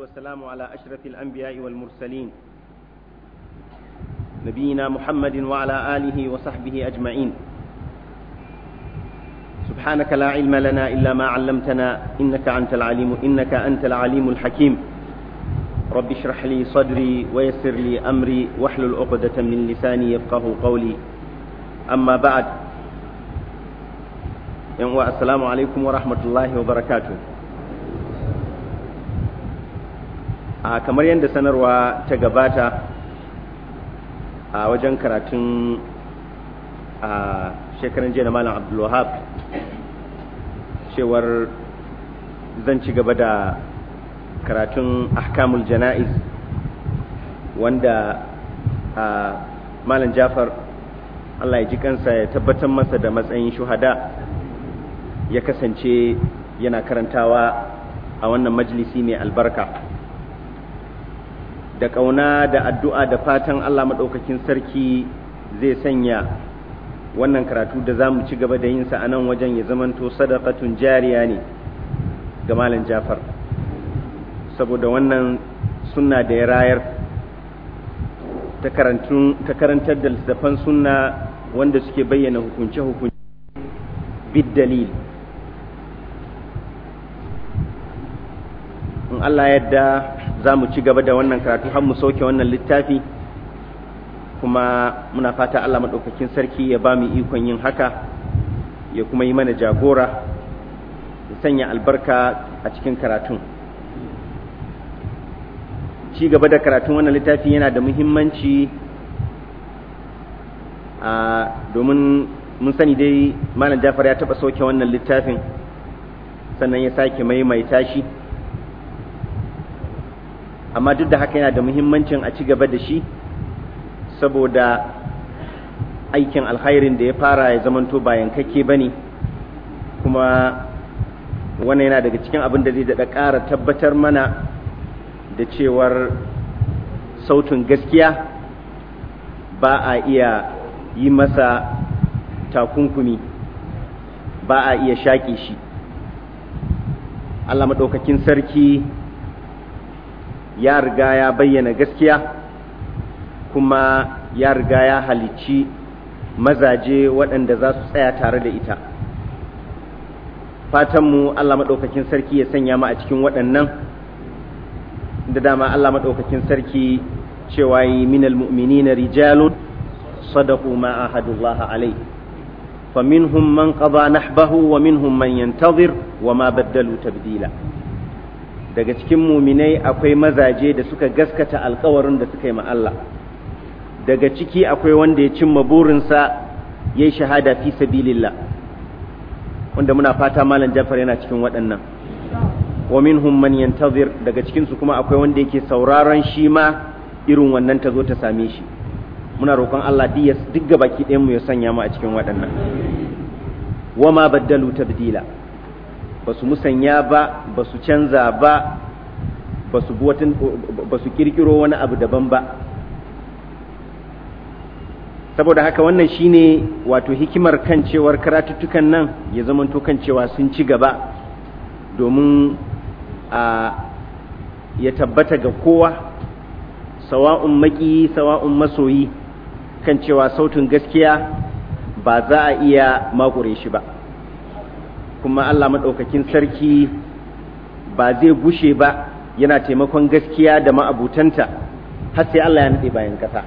والسلام على أشرف الأنبياء والمرسلين نبينا محمد وعلى آله وصحبه أجمعين سبحانك لا علم لنا إلا ما علمتنا إنك أنت العليم إنك أنت العليم الحكيم رب اشرح لي صدري ويسر لي أمري واحلل عقدة من لساني يفقه قولي أما بعد السلام عليكم ورحمة الله وبركاته a kamar yadda sanarwa ta gabata a wajen karatun a shekaran jiya na malam abdulwahab cewar zan ci gaba da karatun ahkamul jana'iz wanda a malam jafar allah ya ji kansa ya tabbatar masa da matsayin shuhada ya kasance yana karantawa a wannan majalisi mai albarka da ƙauna da addu'a da fatan Allah maɗaukakin sarki zai sanya wannan karatu da za mu ci gaba da yinsa a nan wajen ya zamanto sadakatun jariya ne ga Malam Jafar saboda wannan sunna da ya rayar ta karantar da littattafan sunna wanda suke bayyana hukunce-hukunce bid dalil in Allah yadda za mu ci gaba da wannan karatu har mu sauke wannan littafi kuma muna fata Allah maɗaukakin sarki ya ba mu ikon yin haka ya kuma yi mana jagora ya sanya albarka a cikin karatun ci gaba da karatun wannan littafi yana da muhimmanci a domin mun sani dai malam jafar ya taɓa sauke wannan littafin sannan ya sake maimaita shi amma duk da haka yana da muhimmancin a ci gaba da shi saboda aikin alkhairin da ya fara ya zamanto bayan kake ba ne kuma wannan yana daga cikin abin da zai daɗa ƙara tabbatar mana da cewar sautin gaskiya ba a iya yi masa takunkumi ba a iya shaƙe shi Allah maɗaukakin sarki ya riga ya bayyana gaskiya kuma ya riga ya halicci mazaje waɗanda za su tsaya tare da ita fatanmu Allah maɗaukakin sarki ya sanya mu a cikin waɗannan da dama Allah maɗaukakin sarki cewa yi minal mu'minina rijalun sadaqu ma ahadullah alai faminhum man qada nahbahu wa minhum man yantazir wa ma baddalu tabdila daga cikin muminai akwai mazaje da suka gaskata alkawarin da suka yi ma Allah daga ciki akwai wanda ya cimma burinsa ya yi shahada fi sabilillah wanda muna fata malam jafar yana cikin waɗannan wa minhum man yantazir daga cikin su kuma akwai wanda yake sauraron shi ma irin wannan ta zo ta same shi muna roƙon Allah duk baki ɗayan mu ya sanya mu a cikin waɗannan wa ma baddalu tabdila ba su musanya ba ba su canza ba ba su kirkiro wani abu daban ba saboda haka wannan shine wato hikimar kan cewar karatuttukan nan ya zamanto kan cewa sun ci gaba domin a ya tabbata ga kowa sawa'un maki sawa'un masoyi kan cewa sautin gaskiya ba za a iya makure shi ba kuma Allah maɗaukakin sarki ba zai gushe ba yana taimakon gaskiya da ma'abutanta har sai Allah ya naɗe bayan ƙasa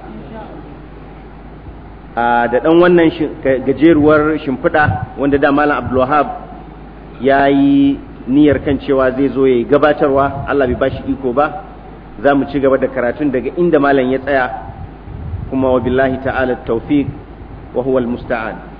da ɗan wannan gajeruwar shimfiɗa wanda da Malam Abdulwahab ya yi niyyar kan cewa zai zo ya gabatarwa Allah bai bashi iko ba za mu ci gaba da karatun daga inda Malam ya tsaya kuma wa billahi ta'ala tawfiq wa huwa al-musta'an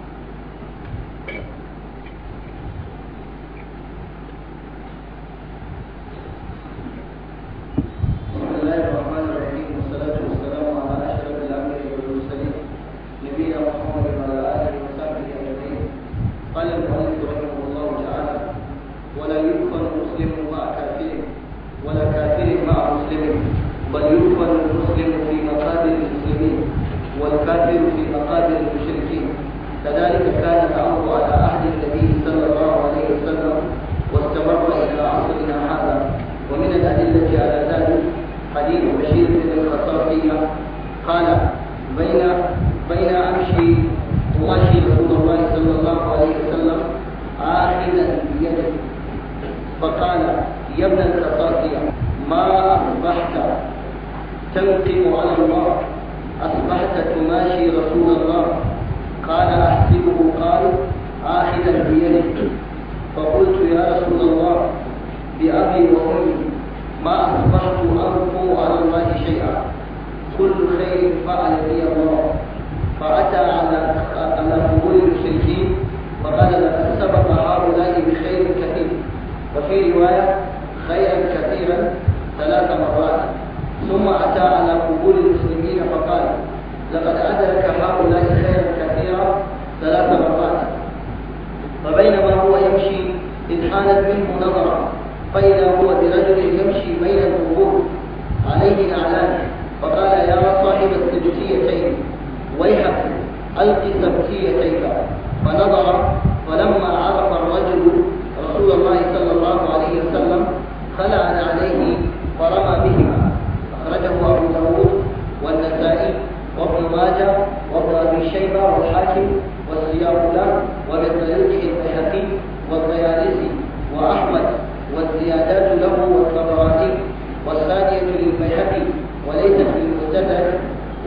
البيهقي وليس في المعتبر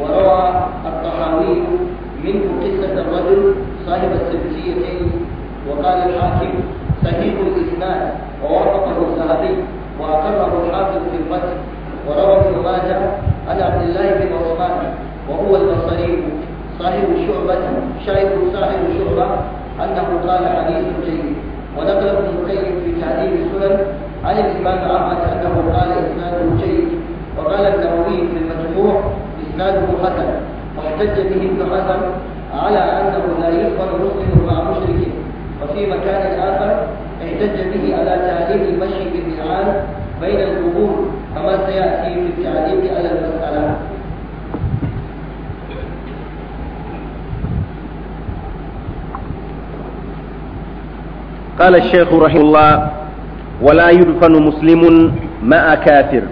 وروى الطحاوي منه قصة الرجل صاحب السبتيتين وقال الحاكم صحيح الإسناد ووافقه الذهبي وأقره الحافظ في المتن وروى ابن ماجه عن عبد الله بن عثمان وهو البصري صاحب شعبة شايف صاحب شعبة أنه قال حديث جيد ونقل ابن القيم في تعليم السنن عن الإمام أحمد أنه قال إسناده جيد وقال النووي في المجموع إسناده حسن واحتج به ابن حسن على أنه لا يقبل مسلم مع مشرك وفي مكان آخر احتج به على تعليم المشي بالنعال بين القبور كما سيأتي في التعليق على المسألة قال الشيخ رحمه الله ولا يدفن مسلم مع كافر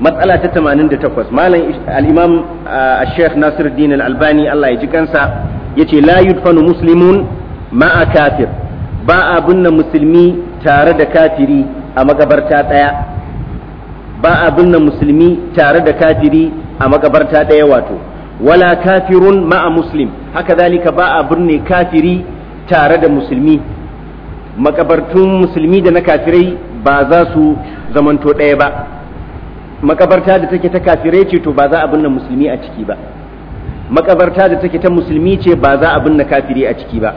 matsala ta 88 malam al-imam uh, al-sheikh Nasiruddin al-Albani Allah ya ji kansa yace la yudfanu muslimun ma'a kafir ba a binne musulmi tare da kafiri a magabarta daya ba a binne musulmi tare da kafiri a magabarta daya wato wala kafirun ma'a muslim haka zalika ba a binne kafiri tare da musulmi makabartun musulmi da na kafirai ba za su zamanto ɗaya ba makabarta da take ta kafirai ce to ba za a binne musulmi a ciki ba makabarta da take ta musulmi ce ba za a binne kafiri a ciki ba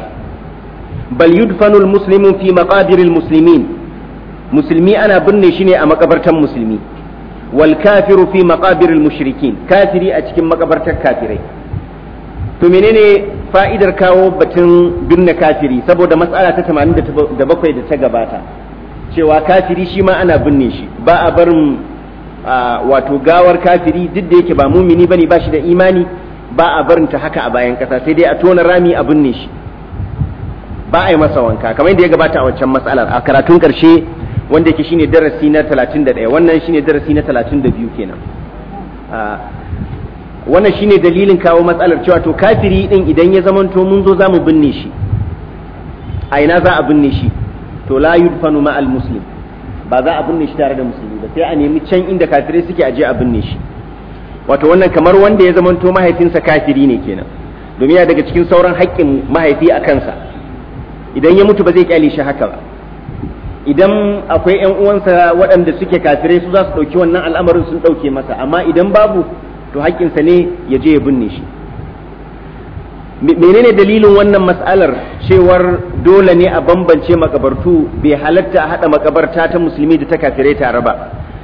bal yudfanul muslimun fi maqabiril muslimin musulmi ana binne shi ne a makabartan musulmi wal kafiru fi maqabiril mushrikin kafiri a cikin makabartar kafirai to menene fa'idar kawo batun binne kafiri saboda matsala ta 87 da ta gabata cewa kafiri shi ma ana binne shi ba a barin wato gawar kafiri duk da yake ba mumini bane ba shi da imani ba a barinta haka a bayan kasa sai dai a tona rami a binne shi ba a yi masa wanka kamar yadda ya gabata a wancan matsalar a karatun karshe wanda yake shine darasi na 31 wannan shine darasi na 32 kenan wannan shine dalilin kawo matsalar cewa to kafiri din idan ya zamanto mun zo zamu binne shi a ina za a binne shi to la yudfanu ma al muslim ba za a binne shi tare da musulmi ba sai a nemi can inda kafirai suke aje a binne shi wato wannan kamar wanda ya zamanto mahaifinsa kafiri ne kenan domin ya daga cikin sauran haƙƙin mahaifi a kansa idan ya mutu ba zai kyale shi haka ba idan akwai ƴan uwansa waɗanda suke kafirai su za su ɗauki wannan al'amarin sun ɗauke masa amma idan babu to haƙƙinsa ne ya je ya binne shi menene dalilin wannan mas'alar cewar dole ne a bambance makabartu bai halatta a hada makabarta ta musulmi da ta kafirai tare ba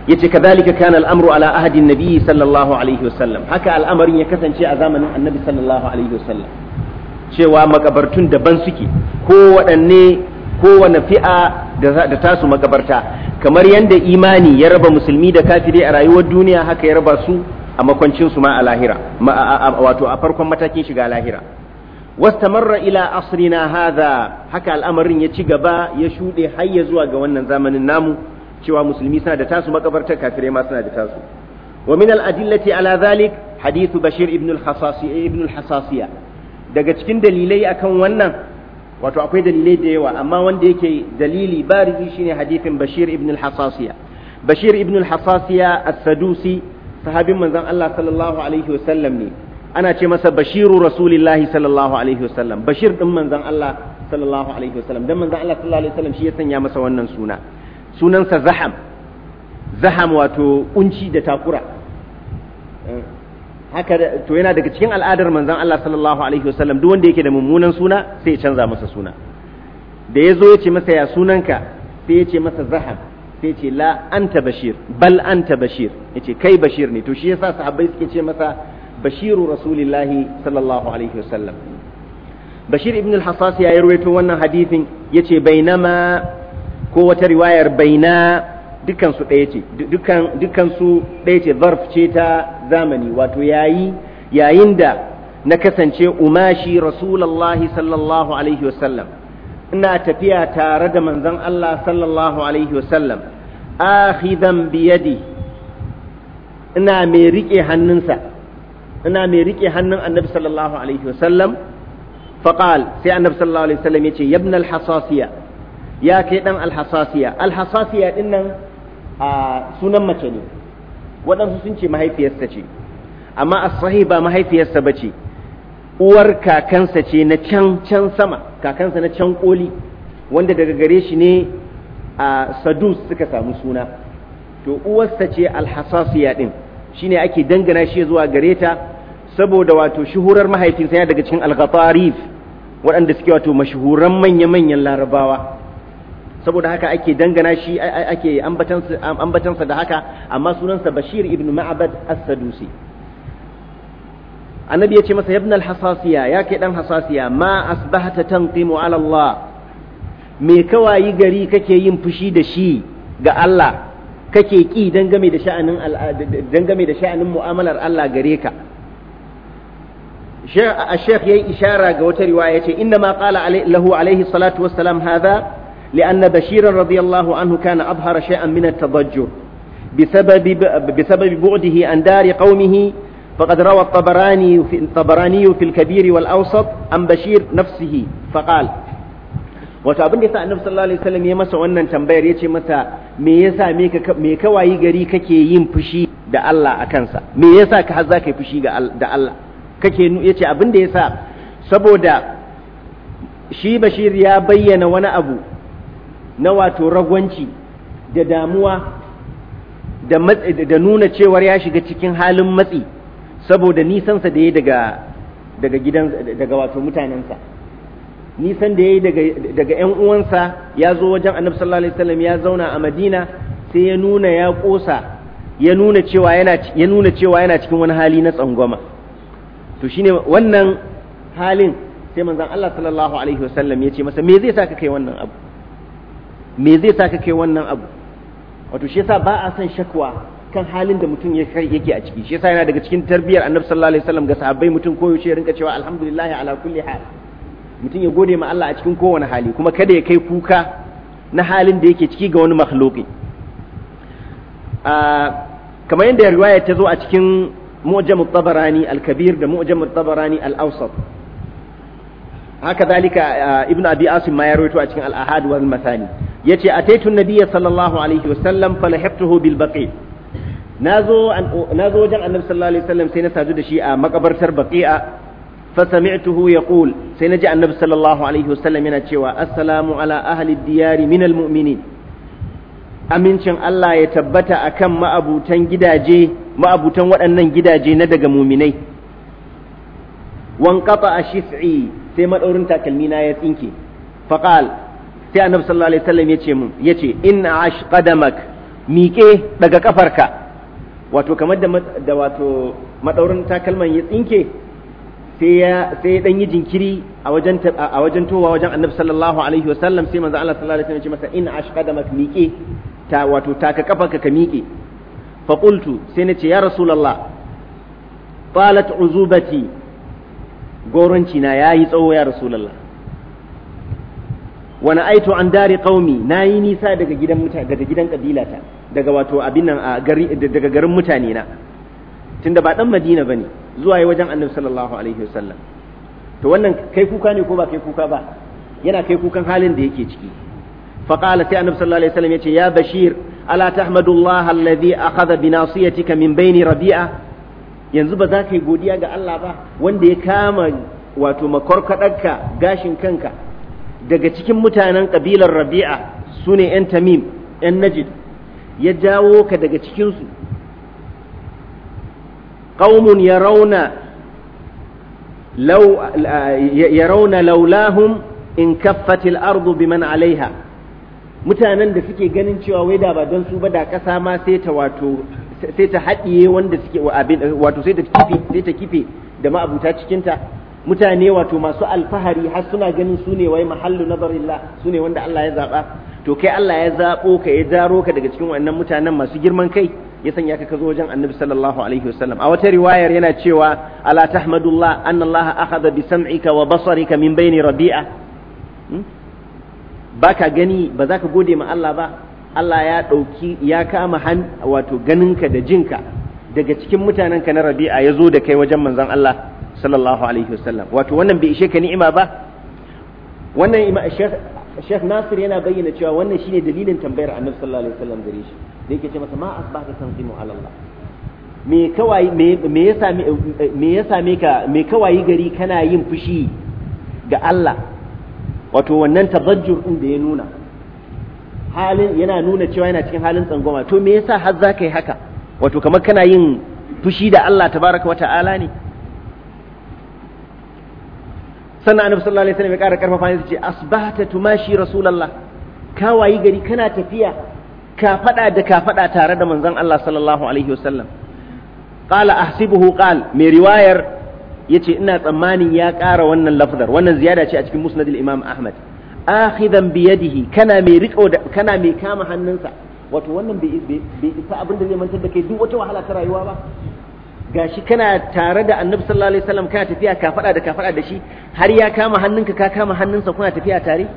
yace kadhalika kana al'amru ala ahadin nabi sallallahu alaihi wasallam haka al'amarin ya kasance a zamanin annabi sallallahu alaihi wasallam cewa makabartun daban suke ko waɗanne wani fi'a da tasu makabarta kamar yadda imani ya raba musulmi da kafiri a rayuwar duniya haka ya raba su a makwancinsu ma a lahira wato a farkon matakin shiga lahira واستمر إلى عصرنا هذا حكى الأمر يتشغبا يشود حي زوا جوانا زمن النامو شوى مسلمي سنة تاسو مقبرة كافرين ما سنة تاسو ومن الأدلة على ذلك حديث بشير ابن الحصاصية ابن الحصاصية daga cikin dalilai akan wannan wato akwai dalilai da yawa amma wanda yake dalili barizi shine hadithin Bashir ibn al-Hasasiya Bashir ibn al-Hasasiya as-Sadusi sahabin manzon Allah sallallahu alaihi wasallam ne ana ce masa bashiru rasulillahi sallallahu alaihi wasallam bashir din manzon Allah sallallahu alaihi wasallam dan manzon Allah sallallahu alaihi wasallam shi ya sanya masa wannan suna sunansa zaham zaham wato kunci da takura eh, haka to yana daga cikin al'adar manzon Allah sallallahu alaihi wasallam duk wanda yake da mummunan suna sai ya canza masa suna da ya zo ya ce masa ya sunanka sai ya ce masa zaham sai ya ce la anta bashir bal anta bashir ya ce kai bashir ne to shi yasa sahabbai suke ce masa bashiru rasulillahi sallallahu alaihi wasallam bashir ibn al-hassas ya rawaito wannan hadithin yace bainama ko wata riwayar baina dukkan su ɗaya ce su ɗaya ce zarf ta zamani wato yayi yayin da na kasance umashi rasulullahi sallallahu alaihi wasallam ina tafiya tare da manzon Allah sallallahu alaihi wasallam akhidan biyadi ina mai riƙe hannunsa ina mai rike hannun annabi sallallahu alaihi wasallam faqal sai annabi sallallahu alaihi wasallam yace ya ibn al-hasasiya ya kai dan al-hasasiya al-hasasiya din nan a sunan mace ne waɗansu sun ce mahaifiyarsa ce amma as-sahih ba mahaifiyarsa bace uwar kakansa ce na can can sama kakansa na can koli wanda daga gare shi ne a sadus suka samu suna to uwarsa ce al-hasasiya din shine ake dangana shi zuwa gare ta saboda wato shuhurar mahaifinsa daga cikin al al-ghatarif waɗanda suke wato mashuhuran manya-manyan larabawa saboda haka ake dangana shi ake ambatansa da haka amma sunansa bashir ibn ma'abad as-sadusi annabi ya ce masa ibn al-hasasiya ya kai dan hasasiya ma asbahata tanqimu ala Allah me kawayi gari kake yin fushi da shi ga Allah kake ki dangame da sha'anin dangame da sha'anin mu'amalar Allah gare ka الشيخ يي إشارة قوتري وآيتي إنما قال علي له عليه الصلاة والسلام هذا لأن بشيرا رضي الله عنه كان أظهر شيئا من التضجر بسبب بسبب بعده عن دار قومه فقد روى الطبراني في الطبراني في الكبير والأوسط عن بشير نفسه فقال wato abin da yasa annabi sallallahu alaihi wasallam ya masa wannan tambayar yace masa me yasa me ka me kawayi gari kake yin fushi da Allah a kansa me yasa ka har zaka yi fushi ga da Allah kake yace abin da ya sa saboda shi bashir ya bayyana wani abu na wato ragwanci da damuwa da nuna cewar ya shiga cikin halin matsi saboda nisansa da ya daga daga gidan daga wato mutanensa nisan da ya yi daga 'yan uwansa ya zo wajen annabi sallallahu alaihi wasallam ya zauna a madina sai ya nuna ya kosa ya nuna cewa yana cikin wani hali na tsangwama to shine wannan halin sai manzon Allah sallallahu alaihi wasallam ya ce masa me zai saka kai wannan abu me zai saka kai wannan abu wato shi yasa ba a son shakwa kan halin da mutum yake a ciki shi yasa yana daga cikin tarbiyar annabi sallallahu alaihi wasallam ga sahabbai mutum ko yaushe rinka cewa alhamdulillah ala kulli hal mutum ya gode ma Allah a cikin kowane hali kuma kada ya kai kuka na halin da yake ciki ga wani makhluki ah, kamar yadda riwaya ta zo a cikin mu'jam at al-kabir da mu'jam at al-awsat haka zalika ibnu abi asim ma ya rawaito a cikin al-ahad wal mathani yace ataitu an-nabiyya sallallahu alaihi wasallam falahaqtuhu bil baqi nazo wajen annabi sallallahu na sadu da shi a makabartar baqi'a فسمعته يقول سنجي النبي صلى الله عليه وسلم ينتشوى السلام على أهل الديار من المؤمنين amincin Allah ya tabbata akan ma'abutan gidaje ma'abutan waɗannan gidaje na daga muminai wanqata a shif'i sai madaurin takalmina ya tsinke Faƙal, sai annabi sallallahu alaihi wasallam mu ya ce in ash qadamak miƙe daga kafarka wato kamar da wato maɗaurin takalman ya tsinke sai ya sai ya dan yi jinkiri a wajen a wajen towa wajen annabi sallallahu alaihi wasallam sai manzo Allah sallallahu alaihi wasallam ya ce masa in ash qadamak miƙe ta wato taka kafarka ka miƙe fa qultu sai nace ya rasulullah qalat uzubati goronci na yayi tsawo ya rasulullah wa na'aitu an dari qaumi nayi nisa daga gidan mutane daga gidan kabilata daga wato abin nan a gari daga garin mutane na tunda ba dan Madina bane zuwa yi wajen Annabi sallallahu alaihi wasallam to wannan kai kuka ne ko ba kai kuka ba yana kai kukan halin da yake ciki فقال سي ya bashir الله عليه وسلم يا بشير ألا تحمد الله الذي أخذ بناصيتك من بين ربيعة yanzu ba za ka yi godiya ga Allah ba wanda ya kama wato makarkaɗarka gashin kanka daga cikin mutanen ƙabilar rabi'a su ne 'yan tamim 'yan najid ya jawo ka daga cikinsu ƙaumun ya rauna laulahum in kaffatil ardu man alaiha mutanen da suke ganin cewa wai da ba don su ba da kasa ma sai ta wato sai ta haɗiye wanda suke wato sai ta kife sai ta kife da ma'abuta cikinta mutane wato masu alfahari har suna ganin su ne wai mahallu nazarillah su ne wanda Allah ya zaba to kai Allah ya zabo ka ya jaro ka daga cikin wannan mutanen masu girman kai ya sanya ka ka zo wajen annabi sallallahu alaihi wasallam a wata riwayar yana cewa ala tahmadullah anna Allah akhadha bi sam'ika wa basarika min baini rabi'a hmm? baka gani ba za ka gode ma Allah ba Allah ya ɗauki ya kama han wato ganinka da jinka daga cikin mutanen ka na rabi'a ya zo da kai wajen manzon Allah sallallahu alaihi wasallam wato wannan bai ishe ka ni'ima ba wannan ima Sheikh Nasir yana bayyana cewa wannan shine dalilin tambayar Annabi sallallahu alaihi wasallam gare shi da yake ce masa ma asbaka tanzimu ala Allah me kawai me me ya same me ya same ka me kawai gari kana yin fushi ga Allah wato wannan tazajjur din da ya nuna halin yana nuna cewa yana cikin halin tsangwama to me yasa har za ka yi haka wato kamar kana yin fushi da Allah tabaraka wa ta'ala ne sannan annabi sallallahu alaihi wasallam ya ƙara karfafa ne ce asbahta tumashi rasulullah ka wayi gari kana tafiya ka fada da ka fada tare da manzon Allah sallallahu alaihi wasallam qala ahsibuhu qal mai riwayar yace ina tsammanin ya ƙara wannan lafzar wannan ziyada ce a cikin musnad imam ahmad akhidan bi yadihi kana mai riko kana mai kama hannunsa wato wannan bai isa abin da zai mantar da kai duk wata wahala ta rayuwa ba gashi kana tare da annabi sallallahu alaihi wasallam kana tafiya ka fada da ka fada da shi har ya kama hannunka ka kama hannunsa kuna tafiya tare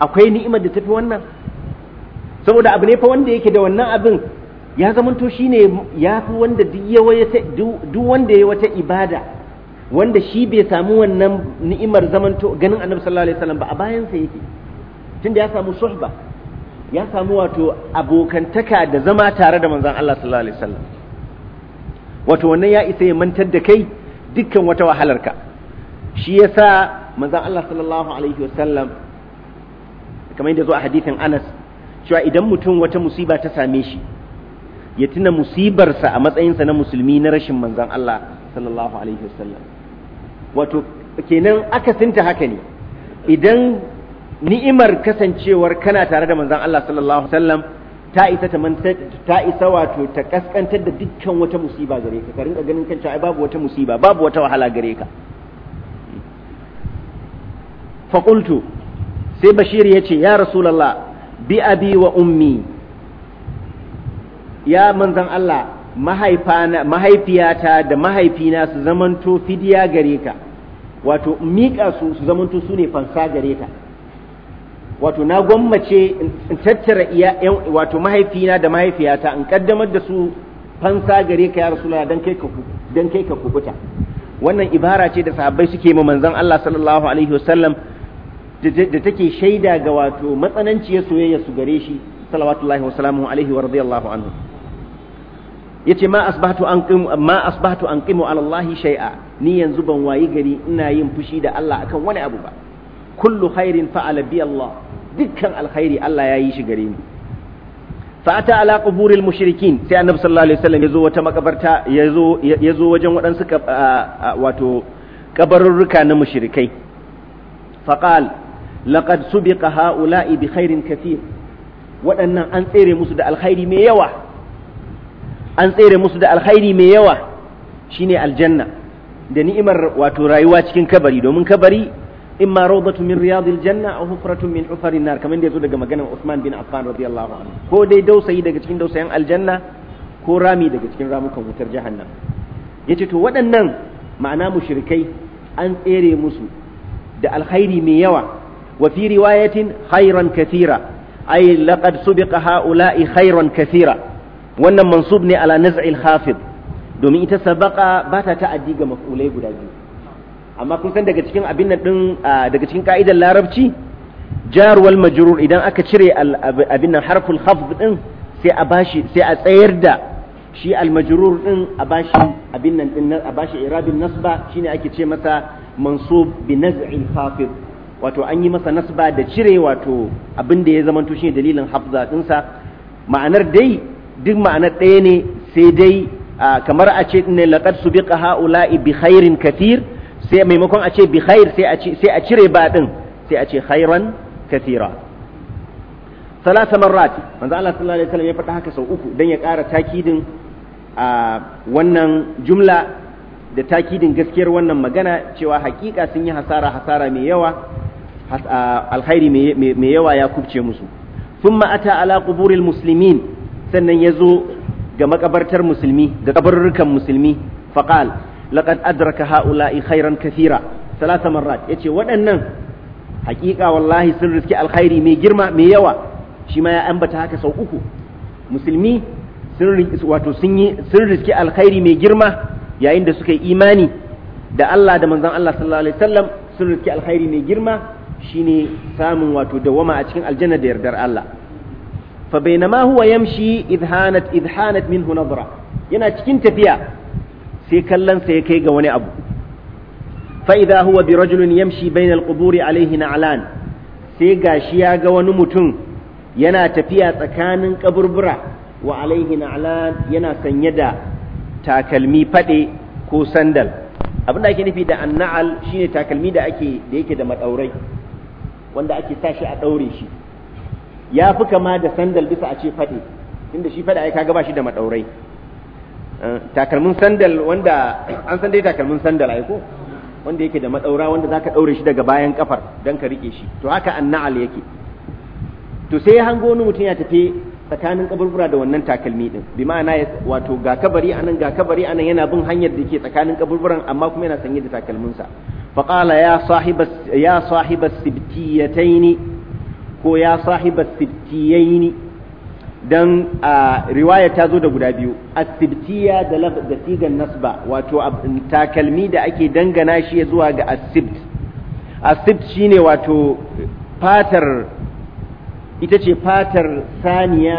akwai ni'imar da tafi wannan saboda abu ne fa wanda yake da wannan abin ya zamanto shine ya fi wanda duk wanda ya wata ibada wanda shi bai samu wannan ni'imar zamanto ganin annabi sallallahu alaihi wasallam ba a bayansa yake tunda ya samu suhba ya samu wato abokantaka da zama tare da manzon Allah sallallahu alaihi wasallam wato wannan ya isa ya mantar da kai dukkan wata wahalarka shi yasa manzon Allah sallallahu alaihi wasallam kamar yadda zo a hadithin Anas cewa idan mutum wata musiba ta same shi ya tuna musibarsa a matsayinsa na musulmi na rashin manzon Allah sallallahu alaihi wasallam wato kenan akasinta haka ne idan ni'imar kasancewar kana tare da manzon Allah sallallahu alaihi wasallam ta isa ta ta isa wato ta kaskantar da dukkan wata musiba gare ka ka rinka ganin kanka ai babu wata musiba babu wata wahala gare ka fa qultu sai bashir yace ya rasulullah bi abi wa ummi ya manzon Allah mahaifiyata da mahaifina su zamanto fidiya gare ka wato miƙa su su zamanto su ne fansa gare ta wato na gwammace in tattara iya wato mahaifina da mahaifiyata in kaddamar da su fansa gare ka ya rasulullah dan kai ka dan kai ka kubuta wannan ibara ce da sahabbai suke ma manzon Allah sallallahu alaihi wasallam da take shaida ga wato matsananciyar soyayya su gare shi sallallahu alaihi wa radiyallahu anhu yace ma asbahtu an ma asbahtu an qimu ala Allah shay'a ni yanzu ban wayi gari ina yin fushi da Allah akan wani abu ba kullu khairin fa'ala bi Allah dukkan alkhairi Allah ya yi shi gare ni fa'ata ala quburil mushrikin sai annabi sallallahu alaihi wasallam yazo wata makabarta yazo yazo wajen waɗansu wato kabarurruka na mushrikai faqal laqad subiqa ha'ula'i bi khairin kathir waɗannan an tsere musu da alkhairi mai yawa an tsere musu da alkhairi mai yawa shine aljanna da ni'imar wato rayuwa cikin kabari domin kabari imma rawdatu min riyadil janna aw hufratun min hufarin nar kamar da zo daga maganar Usman bin Affan radiyallahu anhu ko dai dausayi daga cikin dausayin aljanna ko rami daga cikin ramukan wutar jahannam yace to waɗannan ma'ana mushrikai an tsere musu da alkhairi mai yawa wa fi riwayatin khairan kathira ay laqad subiqa haula'i khairan kathira wannan mansub ne ala naz'il khafid domin ita sabaƙa ba ta ta'addi ga maf'ulai guda biyu amma kun san daga cikin abin nan din daga cikin ka'idar larabci jar wal majrur idan aka cire abin nan harful khafd din sai a bashi sai a tsayar da shi al majrur din a bashi abin nan din a bashi irabin nasba shine ake ce masa mansub bi naz'il khafid wato an yi masa nasba da cire wato abin da ya zamanto shine dalilin hafza dinsa ma'anar dai duk ma'anar ɗaya ne sai dai kamar a ce ne laqad subiqa haula'i bi khairin katir sai maimakon a ce bi khair sai a sai a cire ba din sai a ce khairan kathira salasa marrat manzo Allah sallallahu alaihi wasallam ya faɗa haka sau uku dan ya ƙara takidin a wannan jumla da takidin gaskiyar wannan magana cewa hakika sun yi hasara hasara mai yawa alkhairi mai yawa ya kubce musu thumma ata ala quburil muslimin sannan ya zo ga makabartar musulmi ga kabarurrukan musulmi faqal laqad adraka haula'i khairan kathira salasa marrat yace waɗannan haƙiƙa wallahi sun riski alkhairi mai girma mai yawa shi ma ya ambata haka sau uku musulmi sun wato sun yi sun riski alkhairi mai girma yayin da suka yi imani da Allah da manzon Allah sallallahu alaihi wasallam sun riski alkhairi mai girma shine samun wato dawama a cikin aljanna da yardar Allah fa bainama huwa yamshi idhanat idhanat minhu nadra yana cikin tafiya sai kallonsa ya kai ga wani abu fa idha huwa bi yamshi bain al-quburi alayhi na'lan sai gashiya ga wani mutum yana tafiya tsakanin ƙaburbura, wa alaihi na'lan yana sanye da takalmi fade ko sandal abin da ake nufi da anna'al shine takalmi da ake da yake da madaurai wanda ake sa shi a daure shi ya fi kama da sandal bisa a ce faɗi inda shi faɗi ai kaga ba shi da maɗaurai eh, takalmin sandal wanda an san dai takalmin sandal ai ko wanda yake da maɗaura wanda zaka ɗaure shi daga bayan kafar dan ka rike shi to haka anna'al yake to sai hango wani mutum ya tafi tsakanin kaburbura da wannan takalmi din bi ma'ana wato ga kabari anan ga kabari anan yana bin hanyar da yake tsakanin kaburburan amma kuma yana sanye da takalminsa faqala ya sahibas ya sahibas sibtiyataini ko ya sahiba sibtiyaini dan a riwaya ta zo da guda biyu asibtiya da da sigan nasba wato takalmi da ake dangana shi zuwa ga asibt asibt shine wato fatar ita ce fatar saniya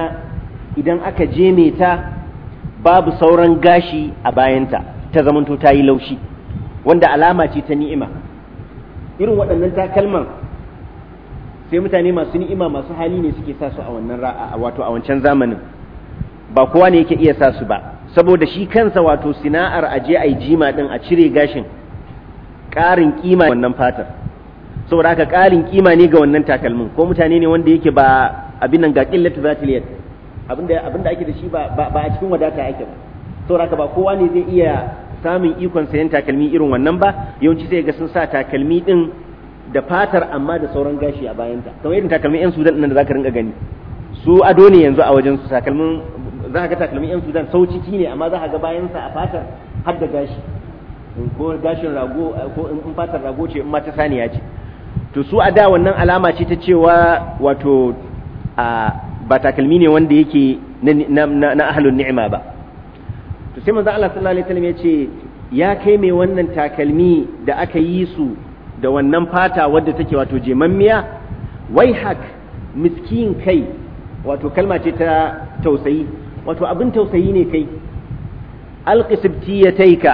idan aka jeme ta babu sauran gashi a bayanta ta zamanto ta yi laushi wanda alama ce ta ni'ima irin waɗannan takalman sai mutane masu ni'ima masu hali ne suke sa su a wannan wato a wancan zamanin ba kowa ne yake iya sa su ba saboda shi kansa wato sina'ar aje yi jima din a cire gashin ƙarin kima wannan fatar saboda haka ƙarin kima ne ga wannan takalmin ko mutane ne wanda yake ba abin nan ga qillatu zatil yad abinda abinda ake da shi ba ba a cikin wadata ake ba saboda haka ba kowa ne zai iya samun ikon sayan takalmi irin wannan ba yawanci sai ga sun sa takalmi din da fatar amma da sauran gashi a bayanta kamar irin takalmin yan sudan nan da zaka rinka gani su ado ne yanzu a wajen su takalmin za ka ga takalmin yan sudan sau ciki ne amma za ka ga bayansa a fatar har da gashi ko gashin rago ko in fatar rago ce in ma ta saniya ce to su a da wannan alama ce ta cewa wato ba takalmi ne wanda yake na ahlun ni'ima ba to sai manzo Allah sallallahu alaihi wasallam ya ce ya kai mai wannan takalmi da aka yi su da wannan fata wadda take wato jemammiya wai hak miskin kai wato kalma ce ta tausayi wato abin tausayi ne kai alƙisibti ya taika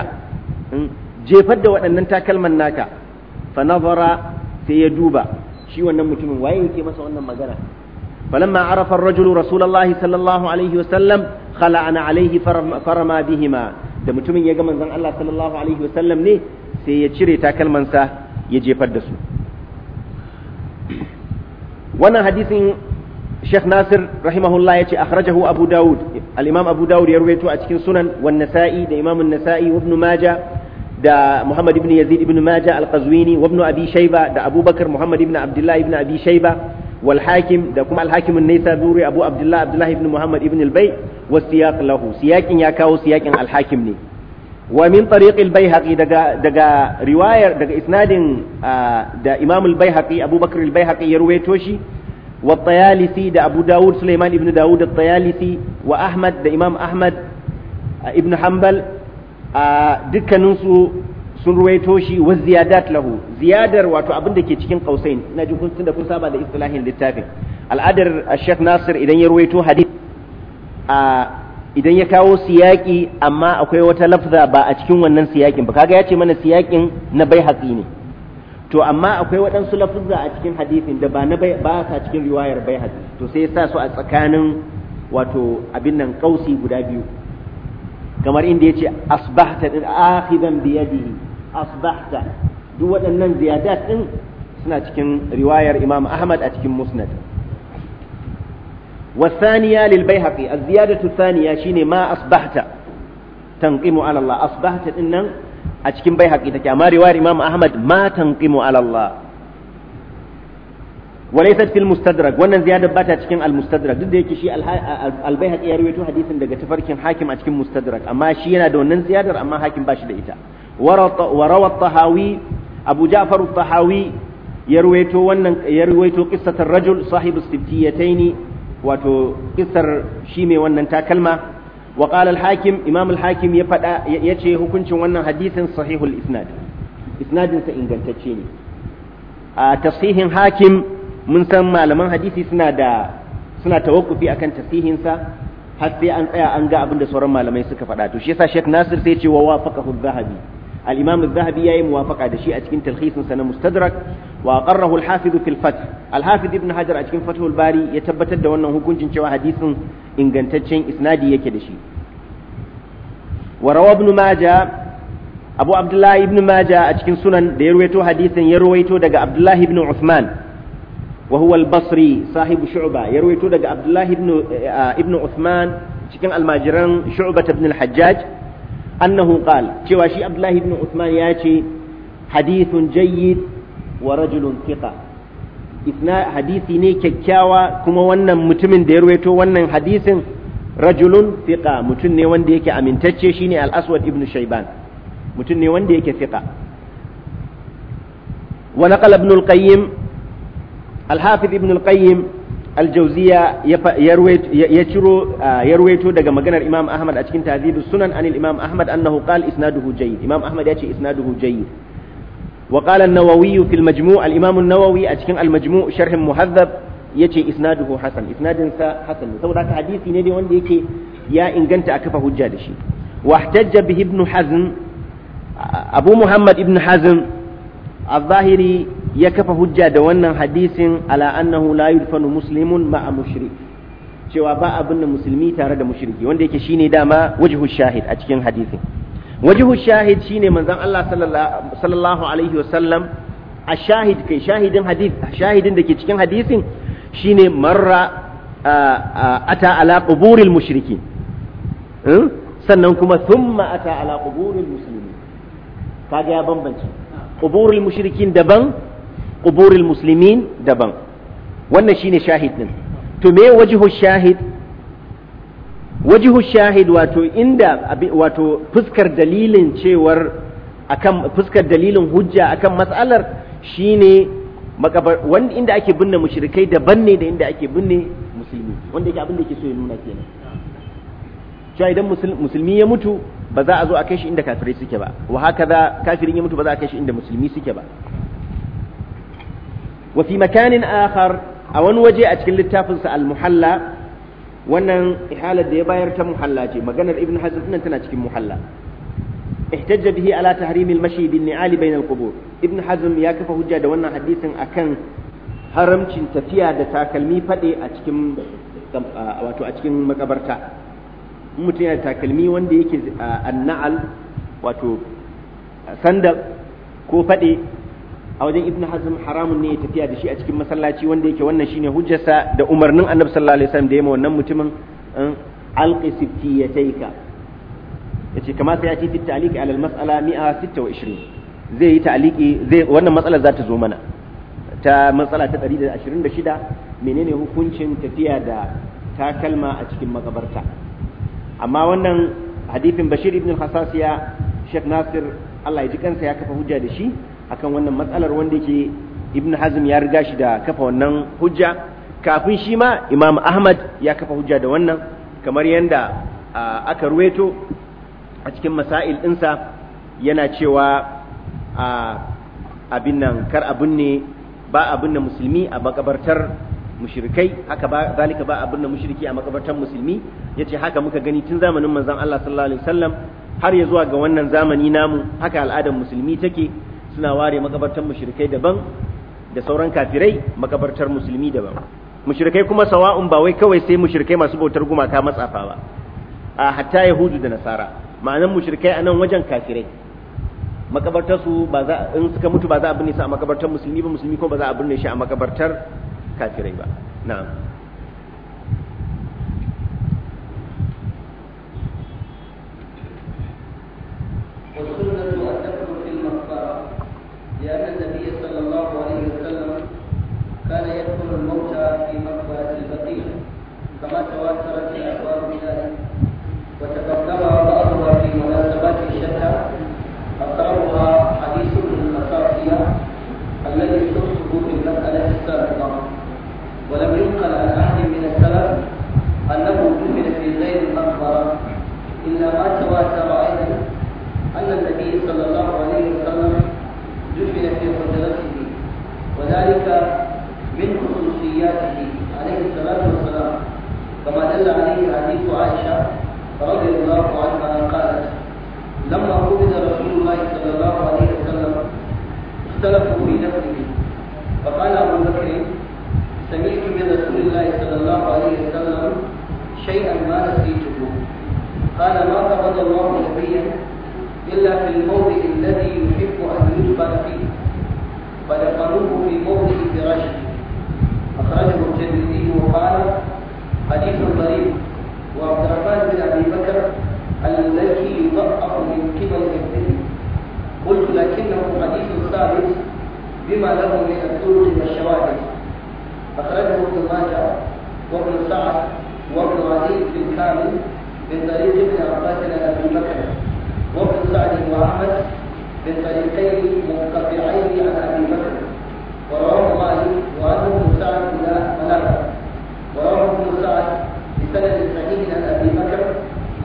hmm, jefar da waɗannan takalman naka fa nazara sai ya duba shi wannan mutumin waye yake masa wannan magana فلما عرف الرجل رسول الله صلى الله عليه وسلم خلعنا عليه فرما بهما da mutumin ya ga manzon Allah sallallahu alaihi wasallam ne sai ya cire takalmansa ya jefar da su wannan hadisin Sheikh Nasir rahimahullah ya ce akhrajahu Abu Dawud al-Imam Abu Dawud ya ruwaito a cikin sunan wan Nasa'i da Imam An-Nasa'i ibn Majah da Muhammad ibn Yazid ibn Majah al-Qazwini wa ibn Abi Shayba da Abubakar Muhammad ibn Abdullah ibn Abi Shayba wal Hakim da kuma al-Hakim an-Naisaburi Abu Abdullah Abdullah ibn Muhammad ibn al-Bay wa siyaq lahu siyaqin ya kawo siyaqin al-Hakim ne wa min tariq al-baihaqi daga riwayar daga isnadin ah, da imam al-baihaqi abubakar al-baihaqi ya ruwaito shi wa tayalisi da abu dawud sulaiman ibn daud at-tayalisi wa ahmad da imam ahmad ah, ibn hanbal ah, dukkaninsu sun ruwaito shi wa ziyadat lahu ziyadar wato abin da ke cikin qausain ina ji kun saba da istilahin littafin al'adar Sheikh Nasir idan ya ruwaito hadith a idan ya kawo siyaƙi, amma akwai wata lafza ba a cikin wannan siyakin ba kaga ya ce mana siyakin na bai haƙi ne to amma akwai waɗansu lafza a cikin hadisin da ba na bai ba sa cikin riwayar bai haƙi to sai ya sa su a tsakanin wato abin nan kausi guda biyu kamar inda ya ce asbahta din akhidan bi yadihi asbahta duk waɗannan ziyadat din suna cikin riwayar Imam Ahmad a cikin Musnad والثانية للبيهقي الزيادة الثانية شيني ما أصبحت تنقم على الله أصبحت إن أتكم بيهقي تكي أما رواية إمام أحمد ما تنقم على الله وليست في المستدرك وانا زيادة باتا تكين المستدرك ضد هيك شيء البيهقي يروي حديث دقة تفركين حاكم أتكم مستدرك أما شينا دون زيادة أما حاكم باش دقيتا وروى الطهاوي أبو جعفر الطهاوي يرويتو ونن يرويتو قصة الرجل صاحب السبتيتين wato kisar shi mai wannan takalma wa qala al-hakim imam al-hakim ya fada yace hukuncin wannan hadisin sahihul isnad isnadin sa ingantacce ne a tasihin hakim mun san malaman hadisi suna da suna tawakkufi akan tasihin sa har sai an tsaya an ga abin da sauran malamai suka faɗa to shi yasa Sheikh Nasir sai ce wa wafaqahu zahabi al-imam az-zahabi yayi muwafaqa da shi a cikin talhisin sa na mustadrak wa qarrahu al-hafiz ibn hajar a cikin fathul bari ya tabbatar da wannan hukuncin cewa hadisin ingantaccen isnadi yake da shi wa rawa ibn abu abdullah ibn majah a cikin sunan da ya ruwaito hadisin ya daga abdullah ibn uthman wa huwa basri sahibu shu'ba ya ruwaito daga abdullah ibn usman cikin almajiran shu'ba ibn al-hajjaj annahu qala cewa shi Abdullahi ibn Uthman ya ce hadithun jayyid wa rajulun thiqa isna hadisi ne kyakkyawa kuma wannan mutumin da ya ruwaito wannan hadisin rajulun thiqa mutum ne wanda yake amintacce shine al-aswad ibn shayban mutum ne wanda yake thiqa wa naqala ibn al-qayyim al-hafiz ibn al aljauziya ya ciro ah, ya daga maganar imam ahmad a cikin tazibu sunan anil imam ahmad annahu qal isnaduhu jayyid imam ahmad ya ce isnaduhu jayyid wa qala nawawi fi al-majmu' nawawi a cikin al-majmu' sharh muhaddab yace isnaduhu hasan isnadin sa hasan saboda haka hadisi ne dai wanda yake ya inganta a kafa hujja da shi wa ihtajja abu muhammad ibnu hazm al-zahiri ya kafa hujja da wannan hadisin ala annahu la yudfanu muslimun ma'a mushrik cewa ba abin da musulmi tare da mushriki wanda yake shine dama wajhu shahid a cikin hadisin wajhu shahid shine manzon Allah sallallahu alaihi wasallam a shahid kai shahidin hadith shahidin da ke cikin hadisin shine marra ata ala quburil mushrikin hmm? sannan kuma thumma ata ala quburil muslimin kaga ya bambance quburil mushrikin daban quburil muslimin daban wannan shine shahid din to me wajihu shahid wajihu shahid wato inda wato fuskar dalilin akan fuskar dalilin hujja akan matsalar shine makabar wanda inda ake binne mushrikai daban ne da inda ake binne musulmi wanda yake abin da yake so ya nuna kenan cewa idan musulmi ya mutu ba za a zo a kai shi inda kafirai suke ba wa haka kafirin ya mutu ba za a kai shi inda musulmi suke ba wa fi makanin akhar a wani waje a cikin littafinsa al-muhalla wannan ihalar da ya bayar ta muhalla maganar ibn hazm nan cikin muhalla ihtajja bihi ala tahrim al-mashi Ali ni'ali bain al-qubur ibn hazm ya kafa hujja da wannan hadisin akan haramcin tafiya da takalmi fade a cikin wato a cikin makabarta mutum yana takalmi wanda yake annal wato sandal ko fade a wajen ibnu hazm haramun ne ya tafiya da shi a cikin masallaci wanda yake wannan shine hujjarsa da umarnin annabi sallallahu alaihi wasallam da yayi wannan mutumin eh, alqi sittiyataika yace kamar sai ya ci fit ta'liqi ala al-mas'ala 126 zai yi ta'liqi zai wannan matsalar za ta zo mana ta matsala ta 126 menene hukuncin tafiya da takalma a cikin makabarta amma wannan hadithin bashir ibn al-hasasiya Sheikh Nasir Allah ya ji kansa ya kafa hujja da shi akan wannan matsalar wanda yake ibn hazm ya riga shi da kafa wannan hujja kafin shi ma imam ahmad ya kafa hujja da wannan kamar yadda aka ruweto a cikin masail ɗinsa yana cewa abin nan kar abin ne ba abin na musulmi a makabartar mushrikai haka ba zalika ba abin na mushriki a makabartar musulmi yace haka muka gani tun zamanin manzon Allah sallallahu alaihi wasallam har ya zuwa ga wannan zamani namu haka al'adar musulmi take suna ware makabartar mushrikai daban da sauran kafirai makabartar musulmi daban mushrikai kuma sawa'un ba wai kawai sai mushrikai masu bautar gumaka matsafa ba a hatta yahudu da nasara ma'anan mushrikai anan wajen kafirai makabartar su ba za in suka mutu ba za a binne su a makabartar musulmi ba musulmi kuma ba za a binne shi a makabartar kafirai ba na'am فيها عليه الصلاة والسلام كما دل عليه حديث عائشة رضي الله عنها قالت لما قبض رسول الله صلى الله عليه وسلم اختلفوا في نفسه فقال أبو بكر سمعت من رسول الله صلى الله عليه وسلم شيئا ما نسيته قال ما قبض الله نبيا إلا في الموضع الذي يحب أن يدبر فيه فدفنوه في موضع فراشه أخرجه الترمذي وقال حديث غريب وعبد الرحمن بن أبي بكر الذي يضعف من قبل ابنه قلت لكنه حديث ثابت بما له من الطرق والشواهد أخرجه ابن ماجه وابن سعد وابن عزيز بن كامل من طريق ابن عباس بن أبي بكر وابن سعد وأحمد من طريقين منقطعين عن أبي بكر مختصر الموضوع ابن سعد بسند عن أبي بكر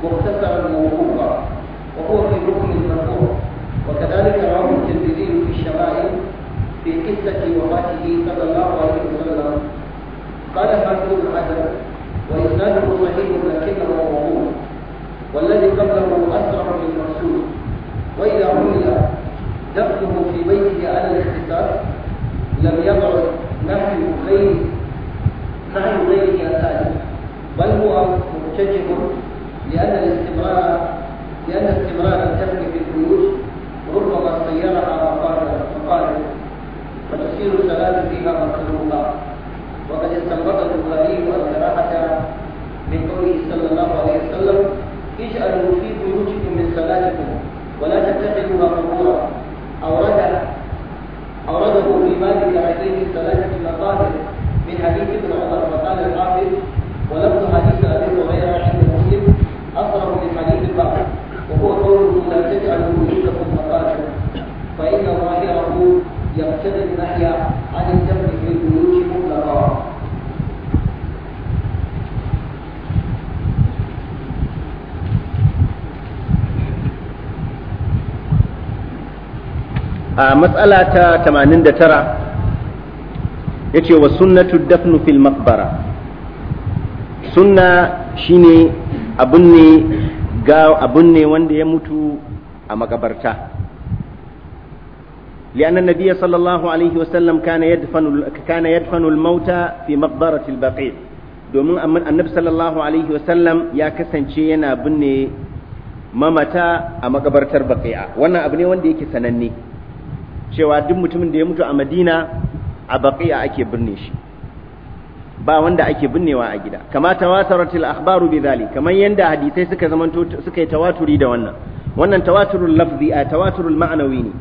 مختصرا وهو في ركن المرفوع matsala ta 89 yace wa sunnatu dafnu fil maqbara sunna shine abun ne ga abun ne wanda ya mutu a makabarta لأن النبي صلى الله عليه وسلم كان يدفن كان يدفن الموتى في مقبرة البقيع domin annabi sallallahu alaihi wa wasallam ya kasance yana binne mamata a makabartar baqi'a wannan abu ne wanda yake sananne cewa duk mutumin da ya mutu a madina a ake shi ba wanda ake binnewa a gida kama tawataratil akhbaru bidhali kamar yanda hadisai suka zamanto suka yi tawaturi da wannan wannan tawaturul lafzi a tawaturul ma'anawi ne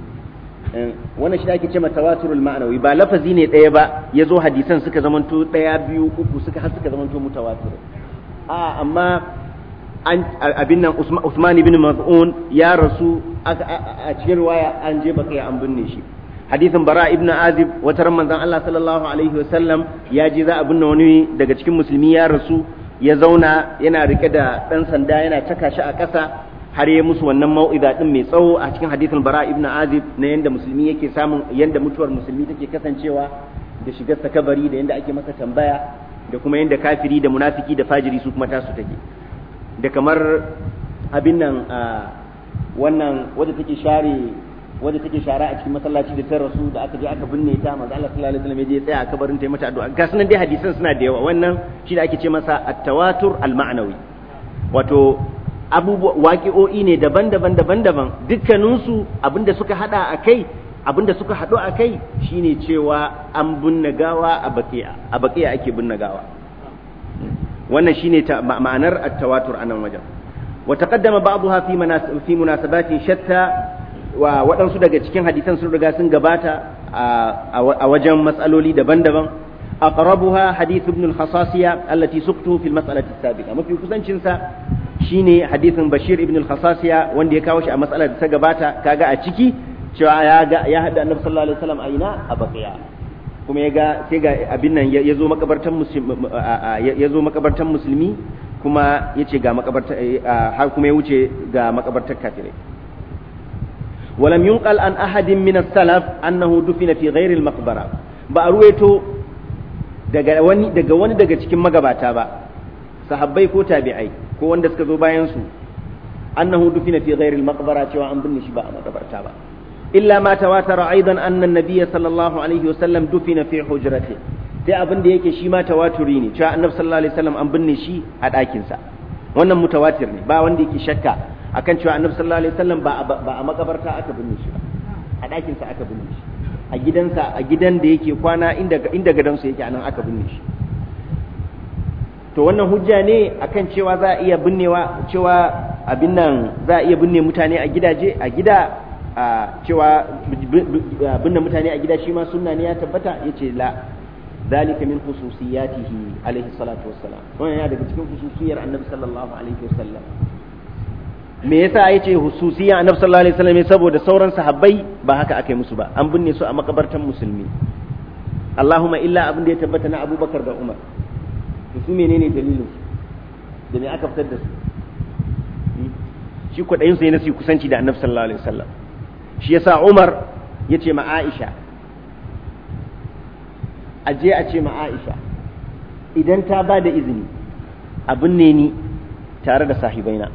eh, wannan shi ake cewa tawaturul ma'anawi ba lafazi ne ɗaya ba yazo hadisan suka zamanto daya biyu uku suka har suka zamanto mutawatir a amma abin nan Usman ibn Maz'un ya rasu a cikin ruwaya an je baka ya an binne shi hadisin bara ibnu azib wata ran manzon Allah sallallahu alaihi wasallam ya je za a binne wani daga cikin musulmi ya rasu ya zauna yana rike da dan sanda yana taka shi a ƙasa har ya musu wannan mau'iza din mai tsawo a cikin hadisin bara ibn azib na yanda musulmi yake samun yanda mutuwar musulmi take kasancewa da shigar sakabari da yanda ake masa tambaya da kuma yanda kafiri da munafiki da fajiri su kuma tasu take da kamar abin nan a ah, wannan wadda take share wadda take shara a cikin masallaci da ta rasu da aka je aka binne ta manzo Allah sallallahu alaihi wasallam ya je tsaya a kabarin ta mata addu'a ga sunan dai hadisan suna da yawa wannan shi da ake ce masa at-tawatur al-ma'nawi wato abubuwa waqi'o'i ne daban-daban daban-daban dukkaninsu abinda suka hada a kai abinda suka haɗu a kai shine cewa an binne gawa a baqiya a baqiya ake binne gawa wannan shine ma'anar at-tawatur anan wajen وتقدم بعضها في في مناسبات شتى waɗansu daga cikin hadisan sun riga sun gabata a wajen matsaloli daban-daban aqrabuha hadith ibn al-khasasiya allati suqtuhu fil mas'alati as shine hadithin bashir ibn wanda ya kawo shi a matsalar da ta gabata kaga a ciki cewa ya ga ya hada annabi sallallahu a ina a baqiya kuma ya ga sai ga abin nan ya zo ya zo makabartan musulmi kuma ya ce ga makabartar eh, har kuma ya wuce ga makabartar kafirai ولم ينقل عن أحد من السلف أنه دفن في غير المقبرة بأرويتو daga wani daga wani daga cikin magabata ba sahabbai ko tabi'ai ko wanda suka zo bayan su annahu dufina fi ghairi al makabara cewa an binne shi ba a makabarta ba illa ma tawatara aidan anna an-nabiy sallallahu alaihi wa wasallam dufina fi hujratihi sai abin da yake shi ma tawaturi ne cewa annabi sallallahu alaihi wasallam an binne shi a ɗakinsa wannan mutawatir ne ba wanda yake shakka akan cewa annabi sallallahu alaihi wasallam ba ba a makabarta aka binne shi ba a ɗakinsa aka binne shi a gidansa a gidan da yake kwana inda inda gadansa yake anan aka binne shi to wannan hujja ne akan cewa za a iya binnewa cewa abin nan za a iya binne mutane a gidaje a gida a cewa binne mutane a gida shi ma sunna ne ya tabbata yace la ذلك من خصوصياته عليه الصلاة والسلام وانا هذا cikin خصوصية النبي صلى الله عليه وسلم me yasa ya ce hususiya annabi sallallahu alaihi wasallam saboda sauran sahabbai ba haka aka yi musu ba an binne su a makabartan musulmi Allahumma illa abin da ya tabbata na Abubakar da Umar to su menene dalilin su da me aka fitar da su shi kwadayin su ne su kusanci da annabi sallallahu alaihi wasallam shi yasa Umar yace ma Aisha a je a ce ma Aisha idan ta ba da izini abin ne ni tare da sahibaina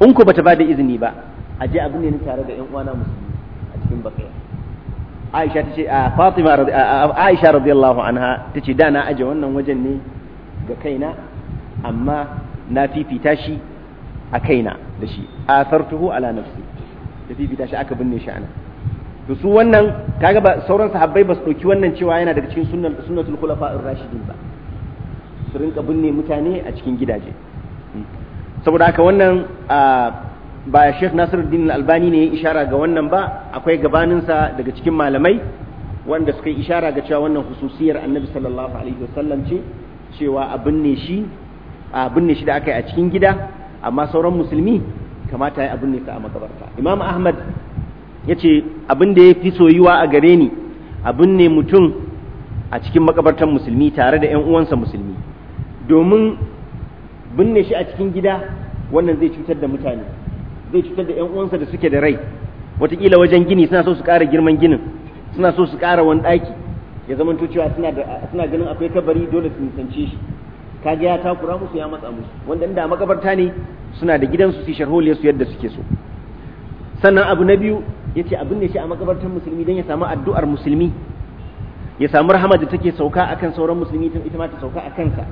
in ku bata ba da izini ba a je abin ne ni tare da 'yan uwana musulmi a cikin baqiya Aisha ta ce Fatima Aisha radiyallahu anha ta ce da na aje wannan wajen ne ga kaina amma na fifita shi a kaina da shi a sartuhu ala nafsi da fifita shi aka binne shi anan to su wannan kaga ba sauran sahabbai ba su dauki wannan cewa yana daga cikin sunnan sunnatul ar rashidin ba su rinka binne mutane a cikin gidaje saboda haka wannan ba Sheikh Nasiruddin Albani ne ya ishara ga wannan ba akwai gabaninsa daga cikin malamai wanda suka yi ishara ga cewa wannan hususiyar Annabi sallallahu alaihi wasallam ce cewa a binne shi a binne shi da aka yi a cikin gida amma sauran musulmi kamata ya binne ta a makabarta Imam Ahmad ya ce abin da ya fi soyuwa a gare ni abin ne mutum a cikin makabartar musulmi tare da 'yan uwansa musulmi domin binne shi a cikin gida wannan zai cutar da mutane zai cutar da 'yan uwansa da suke da rai watakila wajen gini suna so su ƙara girman ginin suna so su ƙara wani ɗaki ya zama to cewa suna ganin akwai kabari dole su nisance shi kaga ya takura musu ya matsa musu wanda inda makabarta ne suna da gidansu su sharholiyar su yadda suke so sannan abu na biyu ya ce abin ne shi a makabartar musulmi dan ya samu addu'ar musulmi ya samu rahama da take sauka akan sauran musulmi ita ma ta sauka a kansa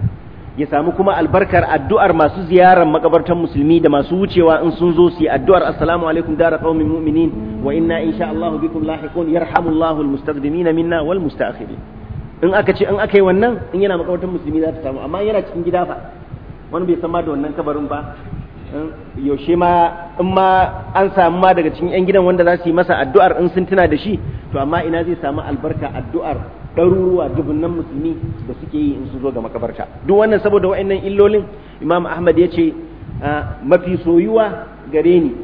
ya samu kuma albarkar addu'ar masu ziyarar makabartar musulmi da masu wucewa in sun zo su yi addu'ar assalamu alaikum dara qaumin mu'minin wa inna insha Allah bikum lahiqun yarhamullahu almustaqdimin minna wal mustaakhirin in aka ce in aka yi wannan in yana makabartar musulmi za ta samu amma yana cikin gida fa wani bai san ma da wannan kabarin ba yaushe ma in ma an samu ma daga cikin 'yan gidan wanda za su yi masa addu'ar in sun tuna da shi to amma ina zai samu albarka addu'ar ɗaruruwa dubunnan musulmi da suke yi in su zo ga makabarta duk wannan saboda wa'annan illolin imam ahmad ya ce ah, mafi soyuwa gare ni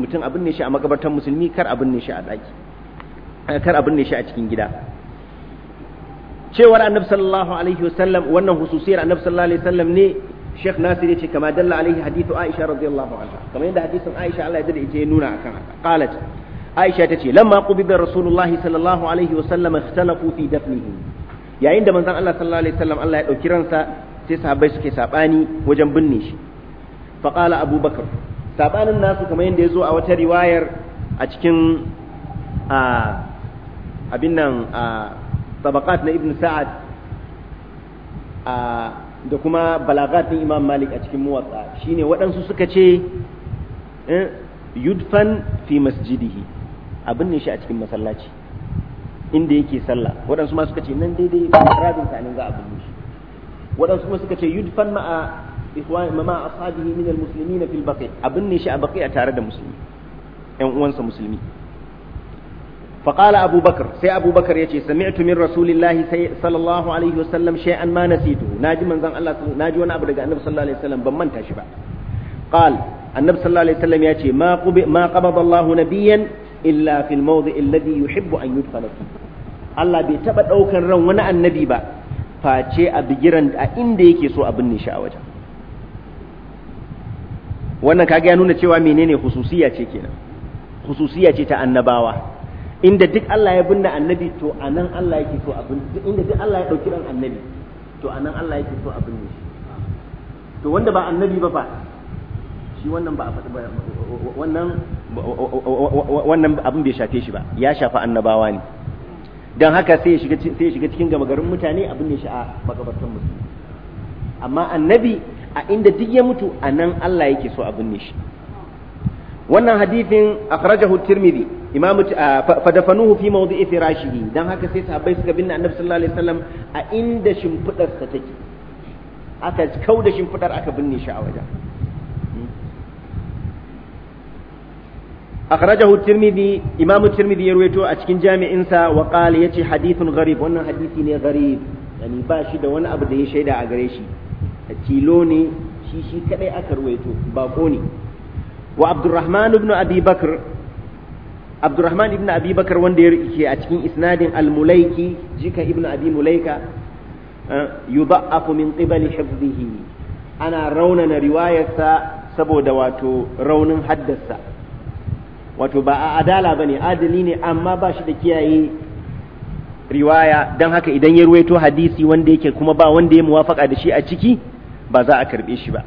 mutum abin ne shi a makabartar musulmi kar abin ne shi a ɗaki eh, kar abin ne shi a cikin gida cewar annabi sallallahu alaihi wasallam wannan hususiyar annabi sallallahu alaihi wasallam ne Sheikh Nasir yace kama dalla alaihi hadithu Aisha radiyallahu anha kamar yadda hadisin Aisha Allah ya dade ita ya nuna akan haka qalat Aisha tace lamma qubida Rasulullahi sallallahu alaihi wa sallam ikhtalafu fi dafnihi yayin da manzon Allah sallallahu alaihi wasallam Allah ya dauki ransa sai sahabbai suke sabani wajen binne shi fa qala Abu Bakar sabanin nasu kamar yadda yazo a wata riwayar a cikin abin nan tabaqat na Ibn Sa'ad a da kuma balagatin imam malik a cikin muwatsa shine waɗansu suka ce eh, yudfan fi masjidihi abin ne shi a cikin masallaci inda yake sallah waɗansu ma suka ce nan daidai rabin kanin za a binne shi waɗansu kuma suka ce yudfan ma'a ikhwan ma'a ashabihi min al na fil baqi abin ne shi a baqi a tare da musulmi ƴan uwansa musulmi فقال أبو بكر سي أبو بكر يتي سمعت من رسول الله صلى الله عليه وسلم شيئا ما نسيته ناجي من زن الله ناجي وانا أبرق النبي صلى الله عليه وسلم بمن تشبع قال النبي صلى الله عليه وسلم يتي ما, ما قبض الله نبيا إلا في الموضع الذي يحب أن يدخل فيه الله بيتبت أو كان رون وانا النبي با فاتي أبجران أين ديكي سو أبني شاوجا wannan kaga ya nuna cewa menene khususiya ce kenan khususiya ce ta annabawa inda duk Allah ya binne annabi to anan Allah yake so abin inda duk Allah ya dauki dan annabi to anan Allah yake so abin ne to wanda ba annabi ba fa shi wannan ba a faɗi ba wannan wannan abin bai shafe shi ba ya shafa annabawa ne dan haka sai ya shiga sai ya shiga cikin gaba garin mutane abin ne shi a makabartan musulmi amma annabi a inda duk ya mutu anan Allah yake so abin ne shi wannan hadithin akhrajahu tirmidhi imam uh, fadafanuhu fi mawdi'i firashihi dan haka sai sahabbai suka binne annabi sallallahu alaihi wasallam a inda shimfidar sa take aka kauda shimfidar aka binne shi a wajen أخرجه الترمذي إمام الترمذي يرويته أتشكين جامع إنسا وقال يتي حديث da وأنا حديثي غريب يعني باشي دا tilo ne shi shi kadai aka ruwaito ba ko ne. wa abdurrahman ibn abi bakr abdurrahman ibn abi bakr wanda ya rike a cikin isnadin al-mulaiki jika ibn abi mulaika eh, yudha'afu min qibali hifdhihi ana raunana riwayarsa saboda wato raunin haddasa wato ba a adala bane adali ne amma ba shi da kiyaye riwaya don haka idan ya ruwaito hadisi wanda yake kuma ba wanda ya muwafaka da shi a ciki ba za a karbe shi ba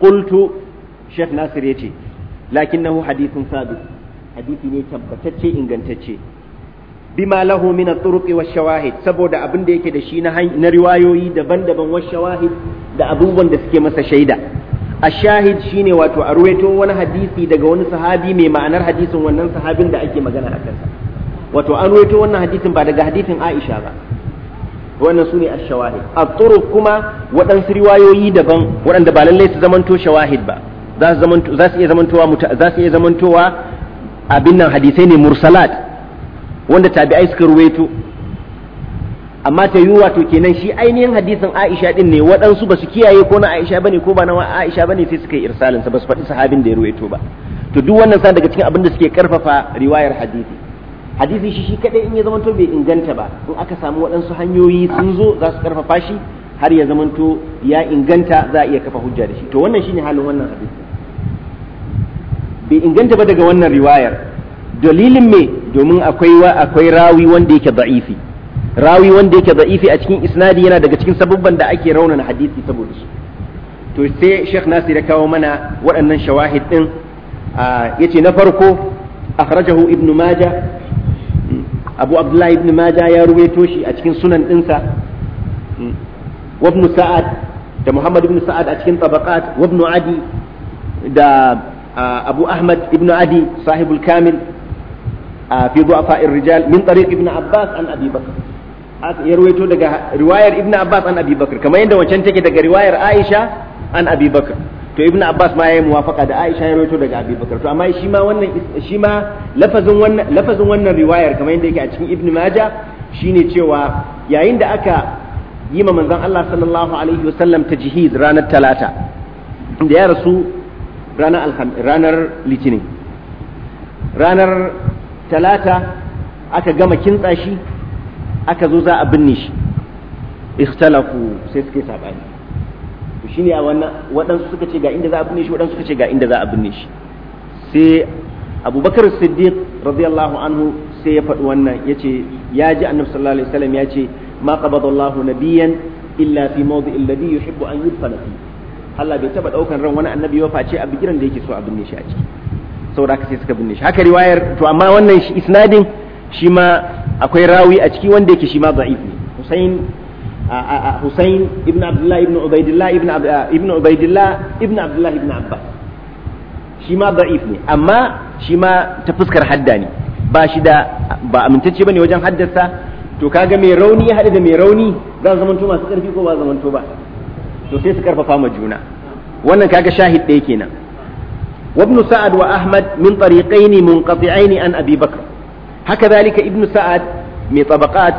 qultu Sheikh Nasir yace lakinnahu hadithun sabit hadisi ne tabbatacce ingantacce bima lahu min at-turuq wa shawahid saboda abin da yake da shi na riwayoyi daban-daban wa shawahid da abubuwan da suke masa shaida shahid shine wato a ruwaito wani hadisi daga wani sahabi mai ma'anar hadisin wannan sahabin da ake magana a kansa wato an ruwaito wannan hadisin ba daga hadisin Aisha ba wannan sune ash-shawahid at-turuq kuma waɗansu riwayoyi daban waɗanda ba lallai su zamanto shawahid ba za su iya zamantowa za su iya zamantowa abin nan hadisai ne mursalat wanda tabi'ai suka ruwaito amma ta yi wato kenan shi ainihin hadisin Aisha din ne waɗansu ba su kiyaye ko na Aisha bane ko ba na Aisha bane sai suka yi irsalin sa ba su faɗi sahabin da ya ruwaito ba to duk wannan sa daga cikin abin da suke karfafa riwayar hadisi hadisi shi shi kadai in ya zamanto bai inganta ba in aka samu waɗansu hanyoyi sun zo za su karfafa shi har ya zamanto ya inganta za a iya kafa hujja da shi to wannan shine halin wannan hadisi bai inganta ba daga wannan riwayar dalilin me domin akwai wa akwai rawi wanda yake da'ifi rawi wanda yake da'ifi a cikin isnadi yana daga cikin sababban da ake raunan hadisi saboda su to sai Sheikh Nasir ya kawo mana waɗannan shawahid din yace na farko akhrajahu ibn majah abu abdullah ibn majah ya ruwaito shi a cikin sunan dinsa wa ibn sa'ad da muhammad ibnu sa'ad a cikin tabaqat wa ibn adi da أبو أحمد ابن عدي صاحب الكامل في ضعفاء الرجال من طريق ابن عباس عن أبي بكر ya ruwaito daga riwayar ibn abbas an abi bakr kamar yadda wancan take daga riwayar aisha an abi to ibn abbas ma yayi muwafaqa da aisha ya ruwaito daga abi bakr to amma shi ma wannan shi ma lafazin wannan lafazin wannan riwayar kamar yadda yake a cikin ibn majah shine cewa yayin da aka yi ma manzon Allah sallallahu alaihi wasallam tajhiz ranar talata da ya rasu ranar ranar litinin ranar talata aka gama kintsa shi aka zo za a binne shi ikhtalafu sai suke sabani to shine a wannan waɗansu suka ce ga inda za a binne shi waɗansu suka ce ga inda za a binne shi sai abubakar siddiq radiyallahu anhu sai ya faɗi wannan ya ce ya ji annabi sallallahu alaihi wasallam ya ce ma qabada Allahu nabiyan illa fi mawdi'il ladhi yuhibbu an yudfana fihi Allah bai taba daukan ran wani annabi ya face a bigiran da yake so a binne shi a ciki saboda haka sai suka binne shi haka riwayar to amma wannan isnadin shi ma akwai rawi a ciki wanda yake shi ma da'if ne Hussein Hussein ibn Abdullah ibn Ubaidillah ibn ibn Ubaidillah ibn Abdullah ibn Abbas shi ma da'if ne amma shi ma ta fuskar hadda ne ba shi da ba amintacce bane wajen haddasa to kaga mai rauni ya hada da mai rauni za su zamanto masu karfi ko ba zamanto ba to sai su karfafa ma juna wannan kaga shahid ɗaya kenan وابن سعد وأحمد من طريقين an عن أبي بكر هكذا ذلك ابن سعد من طبقات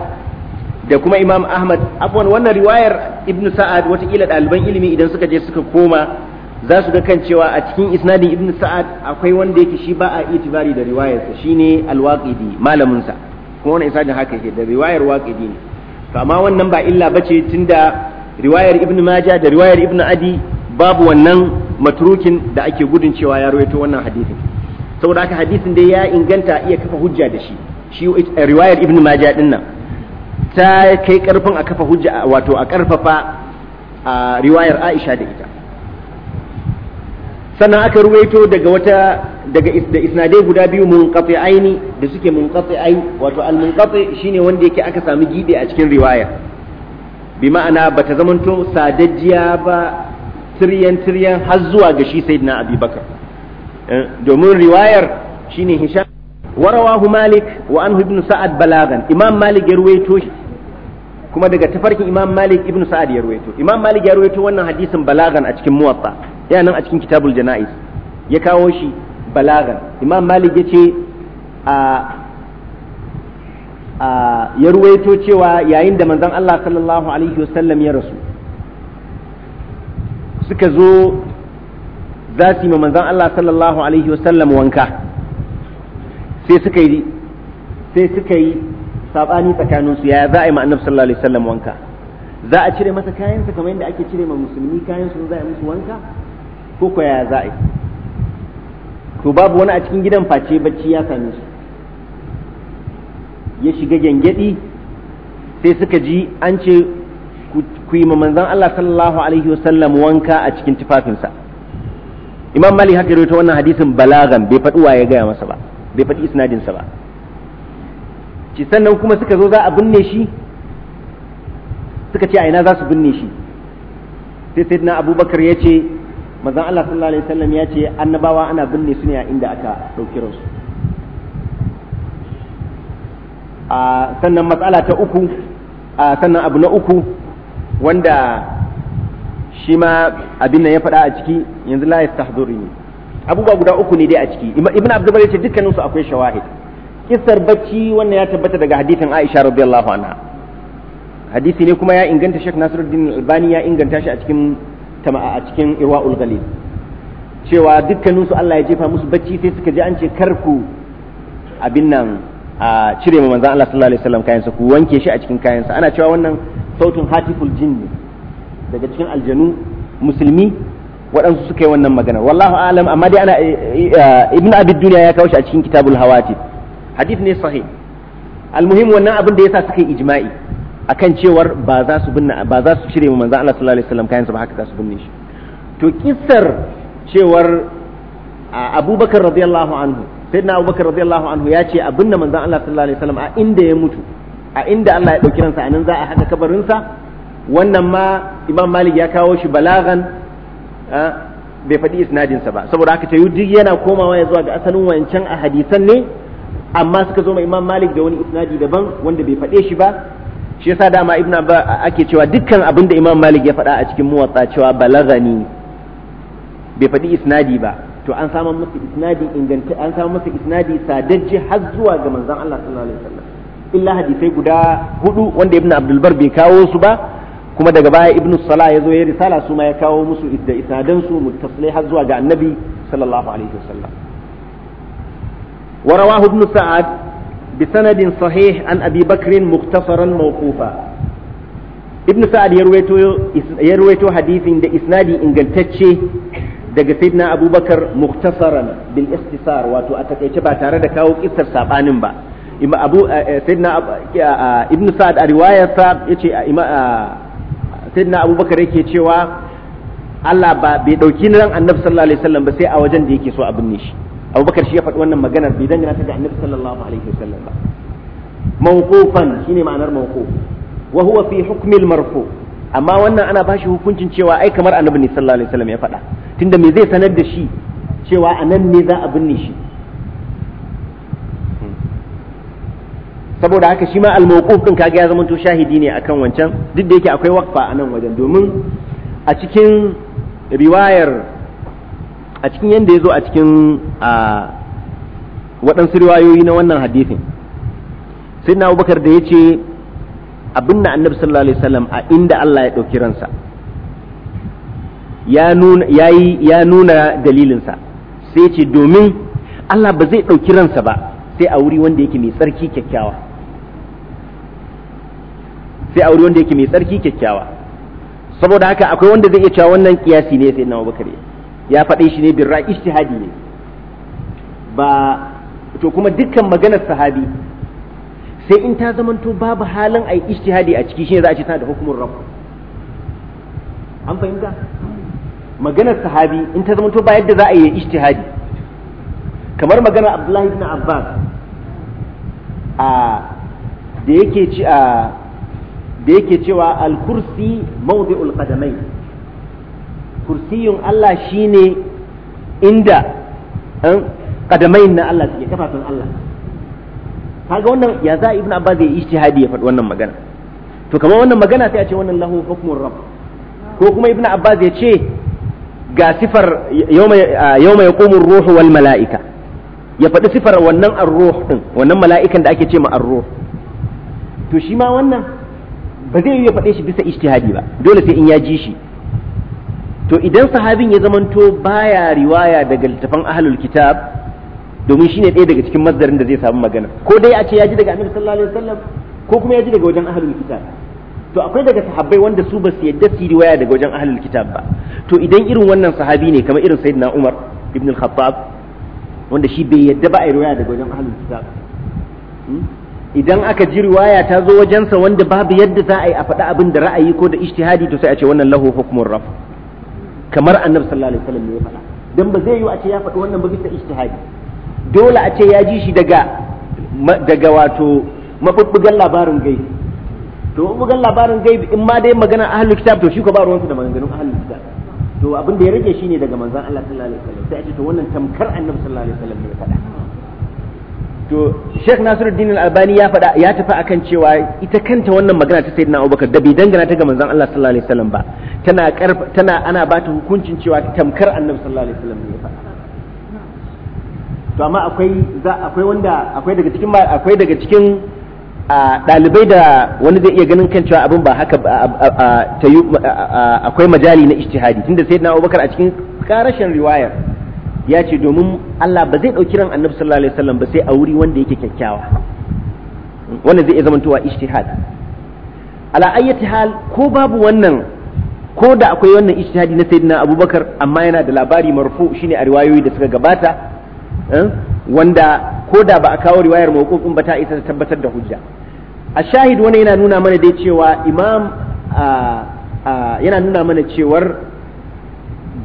da kuma imam ahmad afwan wannan riwayar ibnu sa'ad watakila ɗaliban ilimi idan suka je suka koma za su ga kan cewa a cikin isnadin ibnu sa'ad akwai wanda yake shi ba a itibari da riwayarsa shine alwaqidi malamin sa kuma wannan isnadin haka yake da riwayar waqidi ne to amma wannan ba illa bace tun da. riwayar ibn maja da riwayar ibn adi babu wannan matrukin da ake gudun cewa ya rawaito wannan hadisin saboda haka hadisin dai ya inganta iya kafa hujja da shi shi eh, riwayar ibn maja din nan ta kai karfin a kafa hujja wato a karfafa a riwayar aisha da ita sannan aka ruwaito daga wata daga da isnadai guda biyu aini da suke ai wato al munqati shine wanda yake aka samu gibe a cikin riwayar. bi ma'ana ba ta zamanto sadajjiya ba tiryan tiryan har zuwa ga shi sayyidina abubakar eh, domin riwayar shine hisham warawahu malik wa anhu ibn sa'ad balagan imam malik ya ruwaito kuma daga tafarkin imam malik ibn sa'ad ya ruwaito imam malik ya ruwaito wannan hadisin balagan a cikin muwatta yana nan a cikin kitabul janaiz ya kawo shi balagan imam malik yace ce a ya ruwaito cewa yayin da manzon Allah sallallahu alaihi wasallam ya rasu suka zo za su yi ma manzon Allah sallallahu alaihi wasallam wanka sai suka yi sai suka yi sabani tsakaninsu yaya za a yi ma annab sallallahu alaihi wasallam wanka za a cire masa kayansa kamar yadda ake cire ma musulmi kayansu za a yi musu wanka ko ko yaya za a yi to babu wani a cikin gidan face bacci ya same su ya shiga gyangyaɗi sai suka ji an ce ku yi manzan Allah sallallahu alaihi wasallam wanka a cikin tufafinsa imam mali haka rawaito wannan hadisin balagan bai faɗi ya gaya masa ba bai faɗi isnadinsa ba ci sannan kuma suka zo za a binne shi suka ce a ina za su binne shi sai sayyidina abubakar ya ce manzan Allah sallallahu alaihi wasallam ya ce annabawa ana binne su ne a inda aka ɗauki ransu sannan matsala ta uku sannan abu na uku wanda shi ma abin nan ya faɗa a ciki yanzu la ne abubuwa guda uku ne dai a ciki ibn abdul ya ce dukkanin su akwai shawahid kisar bacci wannan ya tabbata daga hadithin aisha radiyallahu anha hadisi ne kuma ya inganta nasiru Nasiruddin Albani ya inganta shi a cikin a cikin Irwaul cewa dukkaninsu Allah ya jefa musu bacci sai suka ji an ce karku abin nan a cire ma manzan Allah sallallahu alaihi wasallam kayansa ku wanke shi a cikin kayansa ana cewa wannan sautin hatiful jinn daga cikin aljanu musulmi waɗansu suka yi wannan magana wallahu alam amma dai ana eh, eh, ibn abid duniya ya kawo shi a cikin kitabul hawati hadith ne sahih almuhim wannan abin da yasa suka yi ijma'i akan cewar ba za su binne ba za su cire manzon Allah sallallahu alaihi wasallam kayansa ba haka za su binne shi to kissar cewar abubakar radiyallahu anhu sayyidina abubakar radiyallahu anhu ya ce abinda manzon Allah sallallahu alaihi wasallam a inda ya mutu a inda Allah ya dauki ransa anan za a kabarin kabarinsa wannan ma imam malik ya kawo shi balagan bai faɗi isnadinsa ba saboda haka ce duk yana komawa ya zuwa ga asalin wancan ahadisan ne amma suka zo ma imam malik da wani isnadi daban wanda bai faɗe shi ba shi yasa dama ibn ba ake cewa dukkan abin da imam malik ya faɗa a cikin muwatsa cewa balagani bai faɗi isnadi ba to an samu musu isnadi inganta an samu musu isnadi sadajji har zuwa ga manzon Allah sallallahu alaihi wasallam illa hadisai guda hudu wanda ibnu abdul bar bai kawo su ba kuma daga baya ibnu salah ya zo ya risala su ma ya kawo musu da isadan su muttasli har zuwa ga annabi sallallahu alaihi wasallam ورواه ابن سعد بسند صحيح عن ابي بكر مختصرا موقوفا ابن سعد يرويتو يرويتو حديث da اسنادي ingantacce. daga sayyidina abubakar muktasaran bil istisar wato a takaice ba tare da kawo kissar sabanin ba abu eh, eh, sayyidina eh, ibnu sa'ad a riwayarsa yace sayyidina abubakar yake cewa Allah ba bai dauki nan annabi sallallahu alaihi wasallam ba sai a wajen da yake so a binne shi abubakar shi ya faɗi wannan maganar bai dangana ta da annabi sallallahu alaihi wasallam ba mawqufan shine ma'anar mawquf wa huwa fi hukmi al-marfu' amma wannan ana bashi hukuncin cewa ai kamar annabi ne sallallahu alaihi wasallam ya faɗa tunda me zai sanar da shi cewa anan ne za a binne shi saboda haka shi ma al-mawquf din kaga ya zamanto shahidi ne akan wancan duk da yake akwai waqfa a wajen domin a cikin riwayar a cikin yanda yazo a cikin a waɗansu riwayoyi na wannan hadisin na Abubakar da yace abin da annabi sallallahu alaihi wasallam a inda Allah ya ɗauki ransa ya nuna dalilinsa sai ce domin Allah ba zai ɗauki ransa ba sai a wuri wanda yake mai tsarki kyakkyawa sai a wuri wanda yake mai tsarki kyakkyawa saboda haka akwai wanda zai iya cewa wannan kiyasi ne sai na Abubakar ya faɗe shi ne birra ijtihadi ne ba to kuma dukkan maganar sahabi sai in ta zamanto babu halin a yi ishtihadi a ciki shine za a ce tana da hukumar rabb an fahimta maganar sahabi in ta zamanto ba yadda za a yi ishtihadi kamar maganar abdullahi ibn abbas a da yake ci a da yake cewa al-kursi mawdi'ul qadamai kursiyun Allah shine inda kadamai eh, na Allah suke kafafin Allah kaga wannan ya za ibn abbas ya ijtihadi ya faɗi wannan magana to kamar wannan magana sai a ce wannan lahu hukmur rabb ko kuma ibn abbas ya ce ga sifar yawma yaqumu ar-ruhu wal mala'ika ya faɗi sifar wannan ar-ruh din wannan mala'ikan da ake ce ma ar-ruh to shi ma wannan ba zai yi ya faɗe shi bisa ijtihadi ba dole sai in ya ji shi to idan sahabin ya zamanto baya riwaya daga littafan ahlul kitab domin shine ɗaya daga cikin mazdarin da zai samu magana ko dai a ce ya ji daga annabi sallallahu alaihi wasallam ko kuma ya ji daga wajen ahlul kitab to akwai daga sahabbai wanda su ba su yadda su riwaya daga wajen ahlul kitab ba to idan irin wannan sahabi ne kamar irin sayyidina Umar ibn al-Khattab wanda shi bai yadda ba a riwaya daga wajen ahlul kitab hmm? idan aka ji riwaya ta zo wajensa wanda babu yadda za a yi a faɗi abin da ra'ayi ko da ijtihadi to sai a ce wannan lahu hukmun raf kamar annabi sallallahu alaihi wasallam ne ya faɗa dan ba zai yi a ce ya faɗi wannan ba bisa ijtihadi dole a ce ya ji shi daga daga wato mabubbugan labarin gai to mabubbugan labarin gai in ma dai magana ahlul kitab to shi ko ba ruwansa da maganganun ahlul kitab to abin da ya rage shine daga manzon Allah sallallahu alaihi wasallam sai a ce to wannan tamkar annabi sallallahu alaihi wasallam ne ya faɗa to Sheikh Nasiruddin Al-Albani ya faɗa ya tafi akan cewa ita kanta wannan magana ta Sayyidina Abubakar da bai dangana ta ga manzon Allah sallallahu alaihi wasallam ba tana tana ana ba ta hukuncin cewa tamkar annabi sallallahu alaihi wasallam ne ya faɗa to amma akwai za akwai wanda akwai daga cikin akwai daga cikin dalibai da wani zai iya ganin kan cewa abin ba haka akwai majali na ijtihadi tunda na Abubakar a cikin karashin riwayar ya ce domin Allah ba zai dauki ran Annabi sallallahu alaihi wasallam ba sai a wuri wanda yake kyakkyawa wanda zai iya zamantowa ijtihad ala ayyati hal ko babu wannan ko da akwai wannan ijtihadi na sayyidina Abubakar amma yana da labari marfu shine a riwayoyi da suka gabata Eh? wanda ko da ba a kawo riwayar mawqufin ba ta isa ta tabbatar da hujja a shahid wani yana nuna mana dai cewa imam yana nuna mana cewar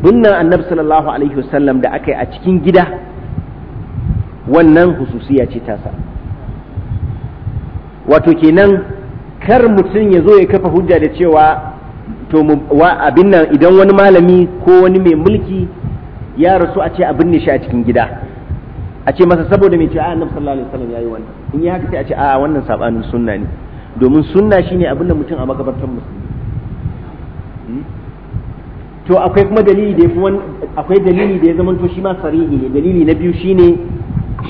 bunnan annabi sallallahu alaihi wasallam da aka yi a cikin gida wannan hususiya ce tasa wato kenan kar mutum ya zo ya kafa hujja da cewa to abin nan idan wani malami ko wani mai mulki ya rasu a ce abin shi a cikin gida a ce masa saboda mai ce a annabi sallallahu alaihi wasallam yayi wannan in ya haka sai a ce a wannan sabanin sunna ne domin sunna shine abin da mutum a makabartar musulmi hmm? to akwai kuma dalili da yafi akwai dalili da ya zama to shi ma sarihi ne dalili na biyu shine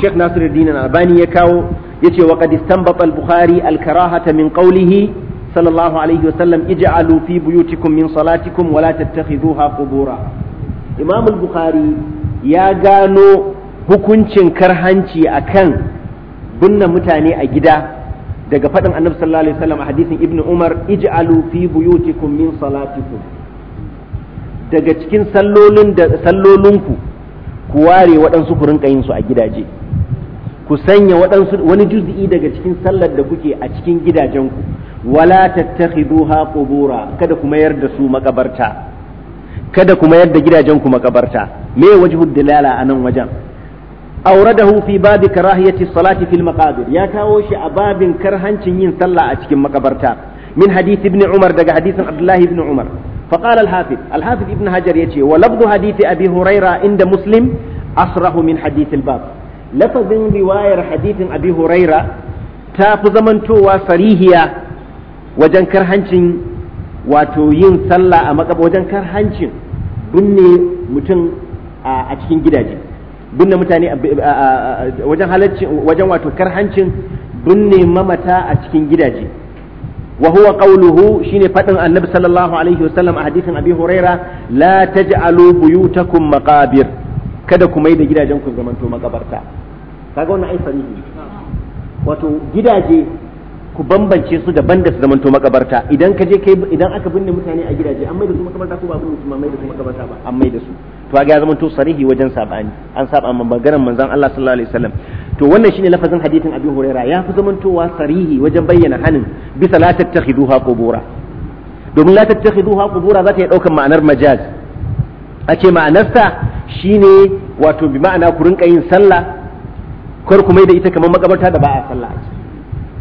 Sheikh Nasiruddin Albani ya kawo yace wa qad istanbata al-Bukhari al-karahata min qawlihi sallallahu alaihi wasallam ij'alu fi buyutikum min salatikum wa la tattakhidhuha qubura Imam al-Bukhari ya gano hukuncin karhanci a kan binne mutane a gida daga faɗin annabi sallallahu alaihi wasallam a hadisin ibnu umar ij'alu fi buyutikum min salatikum daga cikin sallolin da sallolinku ku ware waɗansu ku rinka yin su a gidaje ku sanya waɗansu wani juz'i daga cikin sallar da kuke a cikin gidajenku wala tattakhiduha qubura kada ku mayar da su makabarta kada ku mayar da gidajenku makabarta me wajhud dalala anan wajen auradahu fi babi karahiyati salati fil maqabir ya kawo shi a babin karhancin yin sallah a cikin makabarta min hadith ibn umar daga hadisin abdullahi ibn umar فقال الحافظ الحافظ ابن هجر يتي ولفظ حديث أبي هريرة عند مسلم أصره من حديث الباب لفظ رواية حديث أبي هريرة تاف زمن توا صريحية وجن كرهنشن واتو ين صلى أمك وجن كرهنشن بني متن أتكين جداجي binne mutane wajen halacci wajen wato karhancin binne mamata a cikin gidaje wa huwa qawluhu shine fadin annabi sallallahu alaihi wasallam a hadisin abi huraira la taj'alu buyutakum maqabir kada ku mai da gidajen ku zamanto makabarta kaga wannan ai sanihi wato gidaje ku bambance su daban da su zamanto makabarta idan ka je kai idan aka binne mutane a gidaje an mai da su makabarta ko ba binne su mai da su makabarta ba an mai da su to ga ya zama to sarihi wajen sabani an saba man maganar manzon Allah sallallahu alaihi wasallam to wannan shine lafazin hadithin Abi Hurairah ya fi zamantowa sarihi wajen bayyana hanin bisa la takhiduha qubura domin la tattakhiduha qubura za ta daukan ma'anar majaz a ce ma'anarsa shine wato bi ma'ana ku rinka yin sallah kar ku mai da ita kamar makabarta da ba a sallah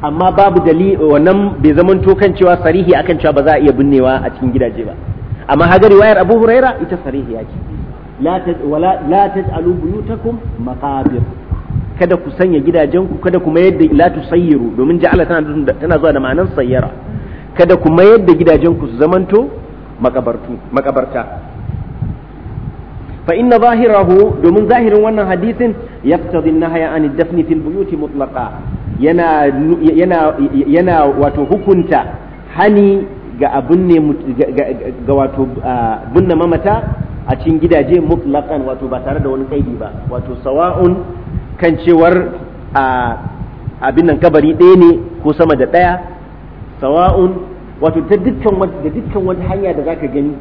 amma babu dalili wannan bai zamanto kan cewa sarihi akan cewa ba za a iya binnewa a cikin gidaje ba amma hagari wayar Abu Hurairah ita sarihi yake la taj'alu buyutakum maqabir kada ku sanya gidajenku kada ku mayar da la tusayyiru domin ja'ala tana tana zuwa da ma'anar sayyara kada ku mayar da gidajenku su zamanto makabartu makabarta fa inna zahirahu domin zahirin wannan hadisin yaqtadi an-nahya an nahya an ad dafni fil buyuti mutlaqa yana yana yana wato hukunta hani ga abun ne ga wato bunna mamata a cikin gidaje mutlaqan wato ba tare da wani kaidi ba wato sawa'un kan cewar a abin nan kabari ɗaya ne ko sama da ɗaya sawa'un wato ta dukkan da dukkan wata hanya da zaka gani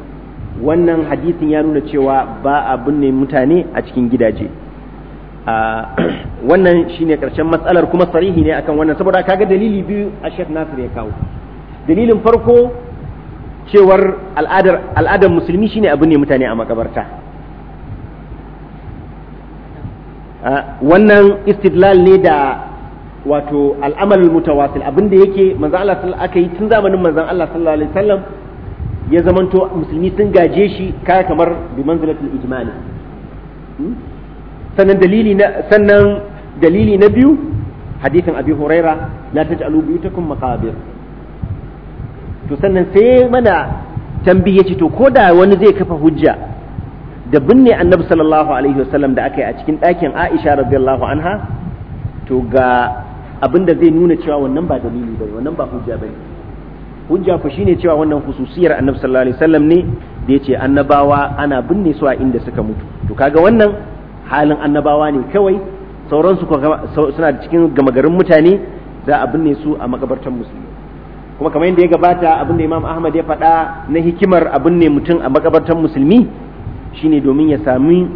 wannan hadisin ya nuna cewa ba a binne mutane a cikin gidaje wannan shine karshen matsalar kuma sarihi ne akan wannan saboda kaga dalili biyu a Sheikh Nasir ya kawo dalilin farko cewar al'adar musulmi shine abu ne mutane a makabarta wannan istidlal ne da wato al'amal mutawasil abinda yake manzan Allah aka yi tun zamanin manzan Allah sallallahu alaihi wasallam ya zamanto musulmi sun gaje shi kaya kamar bi manzilatul ijma ne hmm? sannan dalili na sannan dalili na biyu hadithin abi huraira la taj'alu biyutakum maqabir to sannan sai mana tambi ya ce to ko da wani zai kafa hujja da binne annabi sallallahu alaihi wasallam da aka yi a cikin ɗakin aisha radiyallahu anha to ga abin da zai nuna cewa wannan ba dalili bane wannan ba hujja bane hujja ku shine cewa wannan hususiyar annabi sallallahu alaihi wasallam ne da yace annabawa ana binne su a inda suka mutu to kaga wannan halin annabawa ne kawai sauransu suna cikin gama garin mutane za a binne su a makabartan musulmi kuma kamar yadda ya gabata abin da imam ahmad ya faɗa na hikimar abin ne mutum a makabartar musulmi shine domin ya sami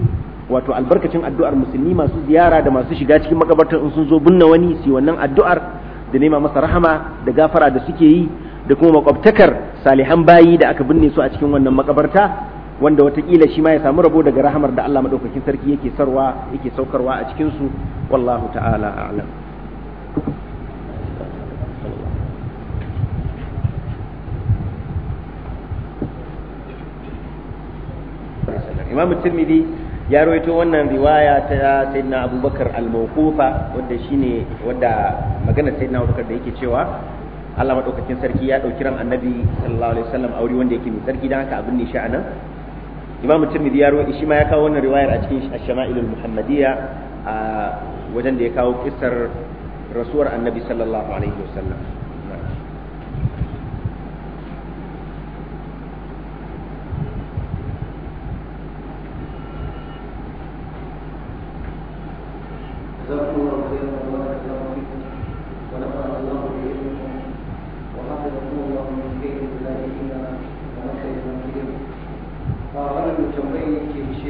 wato albarkacin addu'ar musulmi masu ziyara da masu shiga cikin makabartar in sun zo binne wani su wannan addu'ar da nema masa rahama da gafara da suke yi da kuma makwabtakar salihan bayi da aka binne su a cikin wannan makabarta wanda watakila shi ma ya samu rabo daga rahamar da Allah madaukakin sarki yake sarwa yake saukarwa a cikin su wallahu ta'ala a'lam imam tirmidhi ya rawaito wannan riwaya ta sayyidina abubakar al-mawqufa wanda magana sayyidina abubakar da yake cewa Allah madaukakin sarki ya dauki ran annabi sallallahu alaihi wasallam aure wanda yake mai sarki dan haka abin ne shi anan imam tirmidhi ya rawaito shi kawo wannan riwaya a cikin ash muhammadiyya a wajen da ya kawo kissar rasuwar annabi sallallahu alaihi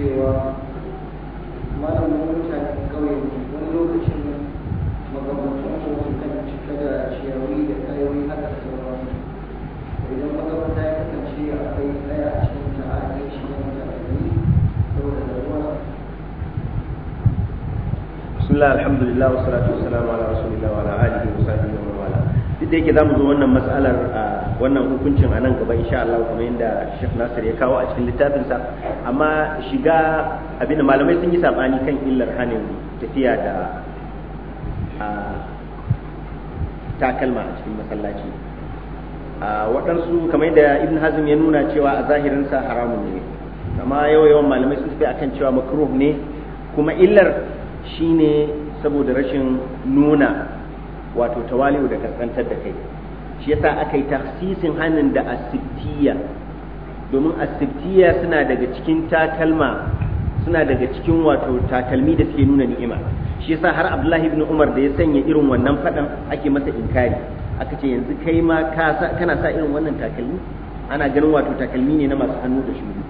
cewa malamin mutanen ƙauye ne wani lokacin magabatan su sukan cika da ciyawi da ƙayoyi haka da idan magabata ya kasance akwai ɗaya a cikin ta a iya shiga mutane بسم الله الحمد لله والصلاة والسلام على رسول الله وعلى آله وصحبه duk da yake za mu zo wannan matsalar wannan hukuncin a nan gaba insha Allah kuma yadda Sheikh Nasir ya kawo a cikin littafinsa amma shiga abin da malamai sun yi sabani kan illar hanin tafiya da takalma a cikin masallaci waɗansu kamar yadda Ibn Hazm ya nuna cewa a zahirin sa haramun ne amma yau yawan malamai sun tafi akan cewa makruh ne kuma illar shine saboda rashin nuna wato tawali'u da kaskantar da kai shi yasa aka yi taksisin hannun da asibtiya domin asibtiya suna daga cikin takalma suna daga cikin wato takalmi da suke nuna ni'ima shi yasa har Abdullahi ibn Umar da ya sanya irin wannan fadan ake masa inkari aka ce yanzu kai ma kana sa irin wannan takalmi ana ganin wato takalmi ne na masu hannu da shuru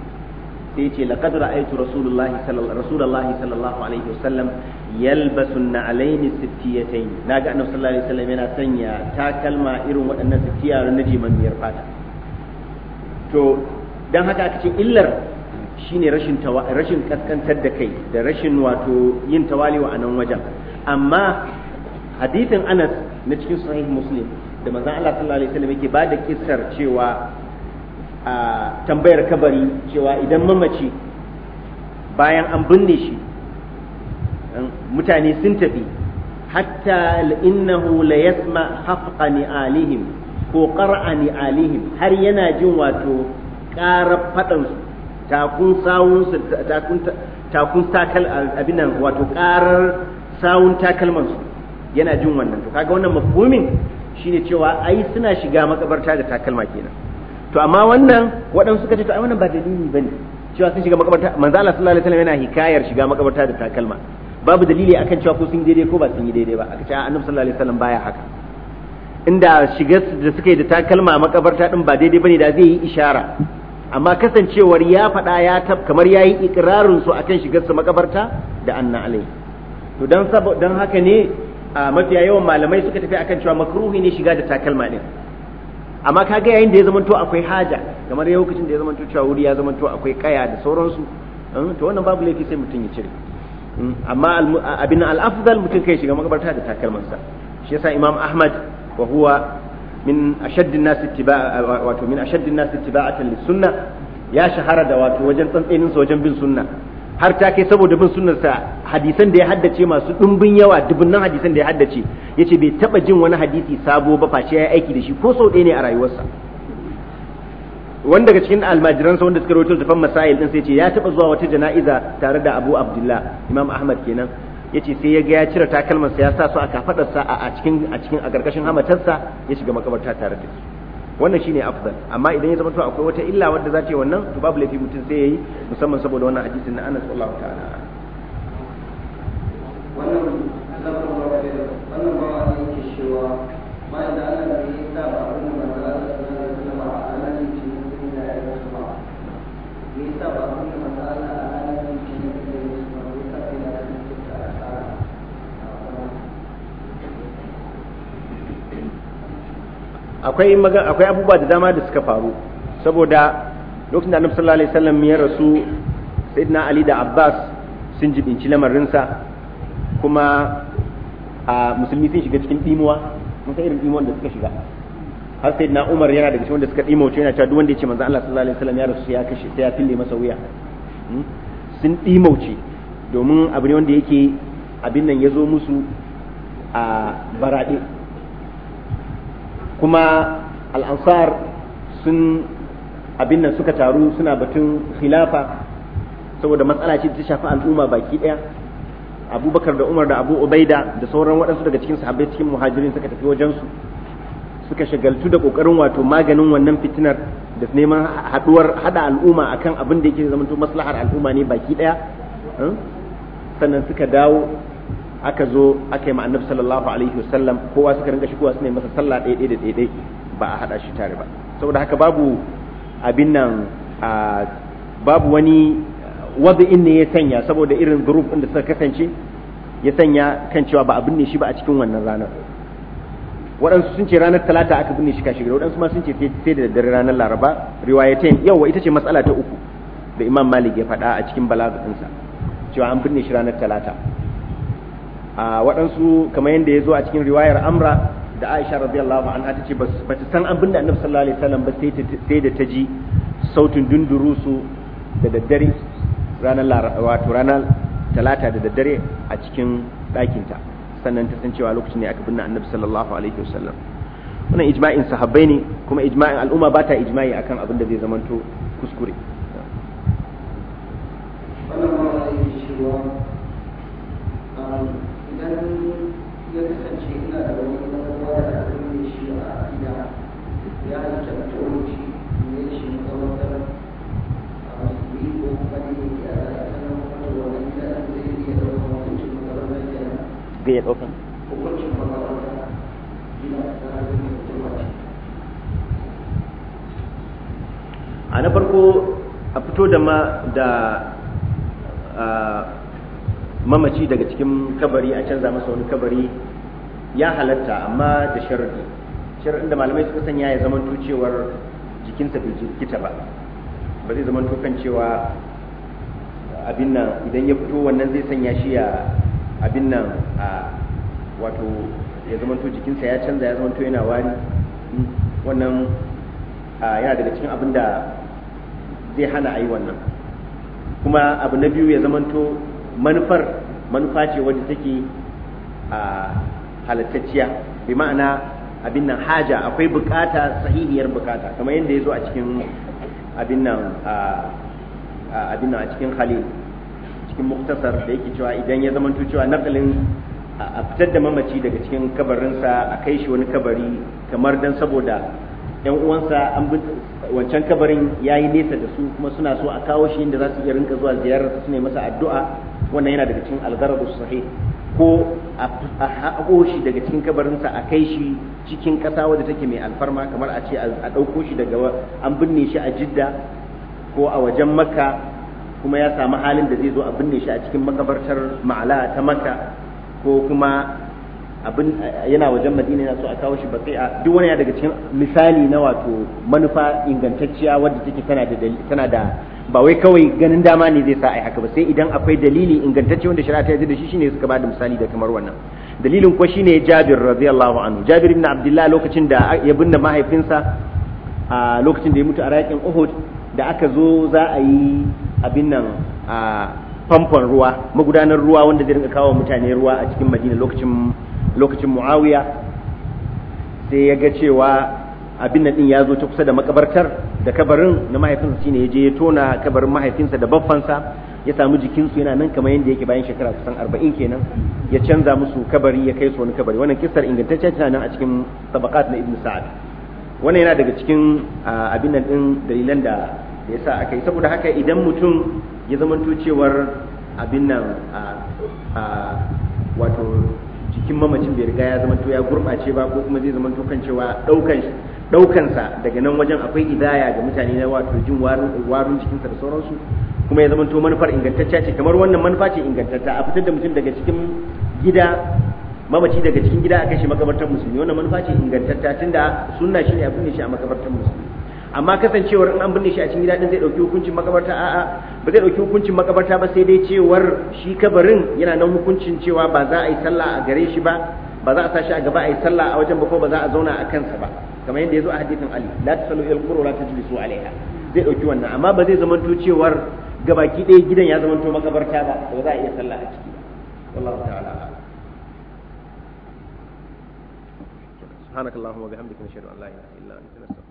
sai ce laqad ra'aytu rasulullahi sallallahu rasulullahi sallallahu alaihi wasallam yalbasu na'alaini sittiyatayn naga annabi sallallahu alaihi wasallam yana sanya takalma irin waɗannan sittiya na jimanniyar fata to dan haka aka ce illar shine rashin rashin kaskantar da kai da rashin wato yin tawaliwa a nan wajen amma hadithin Anas na cikin sahih Muslim da manzon Allah sallallahu alaihi wasallam yake kissar cewa a tambayar kabari cewa idan mamaci bayan an binne shi um, mutane sun tafi hatta innahu la yasma hafqa alihim, ko qar'ani alihim' har yana jin wato ƙarar faɗansu takun sawunsu takun takun takal abin nan wato ƙarar sawun su yana jin wannan to kaga wannan mafhumin shine cewa ai suna shiga makabarta da takalma kenan to amma wannan waɗansu suka ce to ai wannan ba dalili bane cewa sun shiga makabarta manzo Allah sallallahu alaihi wasallam yana hikayar shiga makabarta da takalma babu dalili akan cewa ko sun yi daidai ko ba sun yi daidai ba aka ce annabi sallallahu alaihi wasallam baya haka inda shiga da suka yi da takalma makabarta din ba daidai bane da zai yi ishara amma kasancewar ya faɗa ya tab kamar yayi ikrarin su akan shigar su makabarta da anna alai to dan dan haka ne a mafiya yawan malamai suka tafi akan cewa makruhi ne shiga da takalma din amma ka kaga yayin da ya zamanto akwai haja kamar yau lokacin da ya zamanto cewa wuri ya zamanto akwai kaya da sauransu eh, to wannan babu laifi sai mutum ya cire mm, amma abin al-afdal mutum kai shiga makabarta da takalmansa shi yasa imam ahmad wa huwa min ashaddin nas wato min ashaddin nas ittiba'atan lis ya shahara da wato wajen tsantsenin sa wajen bin sunna har ta kai saboda bin sunnarsa hadisan da ya haddace masu ɗumbin yawa dubunnan hadisan da ya haddace ya ce bai taba jin wani hadisi sabo ba face ya yi aiki da shi ko sau ɗaya ne a rayuwarsa wanda daga cikin almajiransa wanda suka rawaito tafan masail din sai ce ya taba zuwa wata jana'iza tare da Abu Abdullah Imam Ahmad kenan ya ce sai ya ga ya cire takalmansa ya sa su a kafadarsa a cikin a cikin a karkashin hamatarsa ya shiga makabarta tare da su wannan shine afdal amma idan ya zama to akwai wata illa wadda za ta yi wannan to babu laifi mutum sai yayi musamman saboda wannan hadisin na Anas sallallahu ta'ala wannan wannan ba wani yake cewa ma da Allah ne ya sa ba akwai akwai abubuwa da dama da suka faru saboda lokacin da annabi sallallahu alaihi wasallam ya rasu sayyidina ali da abbas sun lamarin lamarinsa kuma a musulmi sun shiga cikin dimuwa mun san irin dimuwan da suka shiga har sayyidina umar yana daga cikin wanda suka dimo yana cewa duk wanda ya ce manzo Allah sallallahu alaihi wasallam ya rasu ya kashe sai ya fille masa wuya hmm? sun dimauce domin abu ne wanda yake abin nan ya zo musu a baraɗe kuma al'ansar sun abin nan suka taru suna batun khilafa saboda matsala ce ta shafi al'umma baki ɗaya abubakar da umar da abu ubaida da sauran waɗansu daga cikin sahabbai cikin muhajirin suka tafi wajensu suka shagaltu da ƙoƙarin wato maganin wannan fitinar da neman haɗuwar haɗa al'umma akan abin da yake zamanto maslahar al'umma ne baki ɗaya sannan suka dawo aka zo aka yi annabi sallallahu alaihi wasallam kowa suka rinka shigowa suna masa sallah ɗaya ɗaya da ɗaya ɗaya ba a haɗa shi tare ba saboda haka babu abin nan babu wani wadda'in ne ya sanya saboda irin group inda suka kasance ya sanya kan cewa ba a binne shi ba a cikin wannan ranar waɗansu sun ce ranar talata aka binne shi kashi gari waɗansu ma sun ce sai da daddare ranar laraba riwayatain yawa ita ce matsala ta uku da imam malik ya faɗa a cikin balagh ɗinsa cewa an binne shi ranar talata a waɗansu kamar yadda ya zo a cikin riwayar amra da aisha radiyallahu anha ta ce ba ta san abin da annabi sallallahu alaihi wasallam ba sai da ta ji sautin dundurusu da daddare ranar wato ranar talata da daddare a cikin ɗakinta sannan ta san cewa lokacin ne aka binne annabi sallallahu alaihi wasallam wannan ijma'in sahabbai ne kuma ijma'in al'umma ba ta ijma'i akan abin da zai zamanto kuskure wannan ya kasance ina da wani da aka yi shi a gida ya ne shi a ko kuma ne ya wani gida da zai iya ɗaukar hukuncin makarantar kenan. Bai ɗaukar. Hukuncin makarantar da a na farko a fito da ma da mamaci daga cikin kabari a canza masa wani kabari ya halatta amma da sharadi sharadin da malamai suka sanya ya zama cewar jikinsa bai jirgita ba ba zai zama kan cewa abin nan idan ya fito wannan zai sanya shi a abin nan a wato ya zama jikinsa ya canza ya zama yana wari wannan yana daga cikin abin da zai hana a yi wannan kuma abu na biyu ya zamanto manufar manufa ce wadda take a halattacciya bi ma'ana abin nan haja akwai bukata sahihiyar bukata kamar yadda ya zo a cikin abin nan abin nan a cikin khalil cikin muktasar da yake cewa idan ya zamanto cewa nakalin a fitar da mamaci daga cikin kabarinsa a kai shi wani kabari kamar dan saboda yan uwansa an bi wancan kabarin ya yi nesa da su kuma suna so a kawo shi inda za su iya rinka zuwa ziyarar su ne masa addu'a wannan yana daga cikin algaradu sahih ko a haƙo shi daga cikin kabarinsa a kai shi cikin ƙasa wadda take mai alfarma kamar a ce a ɗauko shi daga an binne shi a jidda ko a wajen makka kuma ya samu halin da zai zo a binne shi a cikin makabartar ma'ala ta makka ko kuma abin yana wajen madina yana so a kawo shi baqi'a duk wani ya daga cikin misali na wato manufa ingantacciya wadda take tana da tana da ba wai kawai ganin dama ne zai sa ai haka ba sai idan akwai dalili ingantacce wanda shari'a ta yarda da shi shine suka bada misali da kamar wannan dalilin ko shine Jabir radiyallahu anhu Jabir ibn Abdullah lokacin da ya binne mahaifinsa a lokacin da ya mutu a raƙin Uhud da aka zo za a yi abin nan a famfon ruwa magudanar ruwa wanda zai rinka kawo mutane ruwa a cikin Madina lokacin lokacin muawiya sai ya ga cewa abin nan din ya zo ta kusa da makabartar da kabarin na mahaifinsa shine ya je ya tona kabarin mahaifinsa da baffansa ya samu jikinsu yana nan kamar yadda yake bayan shekara kusan arba'in kenan ya canza musu kabari ya kai su wani kabari wannan kisar ingantacciya tana nan a cikin sabakat na ibnu sa'ad wannan yana daga cikin abin nan din dalilan da ya sa aka yi saboda haka idan mutum ya zamanto cewar abin nan wato jikin mamacin bai riga ya zama to ya gurɓace ba ko kuma zai zama to kan cewa ɗaukan ɗaukansa daga nan wajen akwai idaya ga mutane na wato jin warin jikinsa da sauransu kuma ya zama to manufar ingantacciya ce kamar wannan manufa ce ingantacciya a fitar da mutum daga cikin gida mamaci daga cikin gida a kashe makabartar musulmi wannan manufa ce ingantacciya tunda sunna shine a da shi a makabartar musulmi amma kasancewar in an binne shi a cikin gida din zai dauki hukuncin makabarta a'a ba zai dauki hukuncin makabarta ba sai dai cewar shi kabarin yana nan hukuncin cewa ba za a yi sallah a gare shi ba ba za a sa shi a gaba a yi sallah a wajen ba ko ba za a zauna a kansa ba kamar yadda ya zo a hadisin Ali la tasallu ila qurra la tajlisu alaiha zai dauki wannan amma ba zai zamanto cewar gabaki ɗaya gidan ya zamanto makabarta ba ba za a iya sallah a ciki ba wallahu ta'ala سبحانك اللهم وبحمدك نشهد ان لا اله الا انت نستغفرك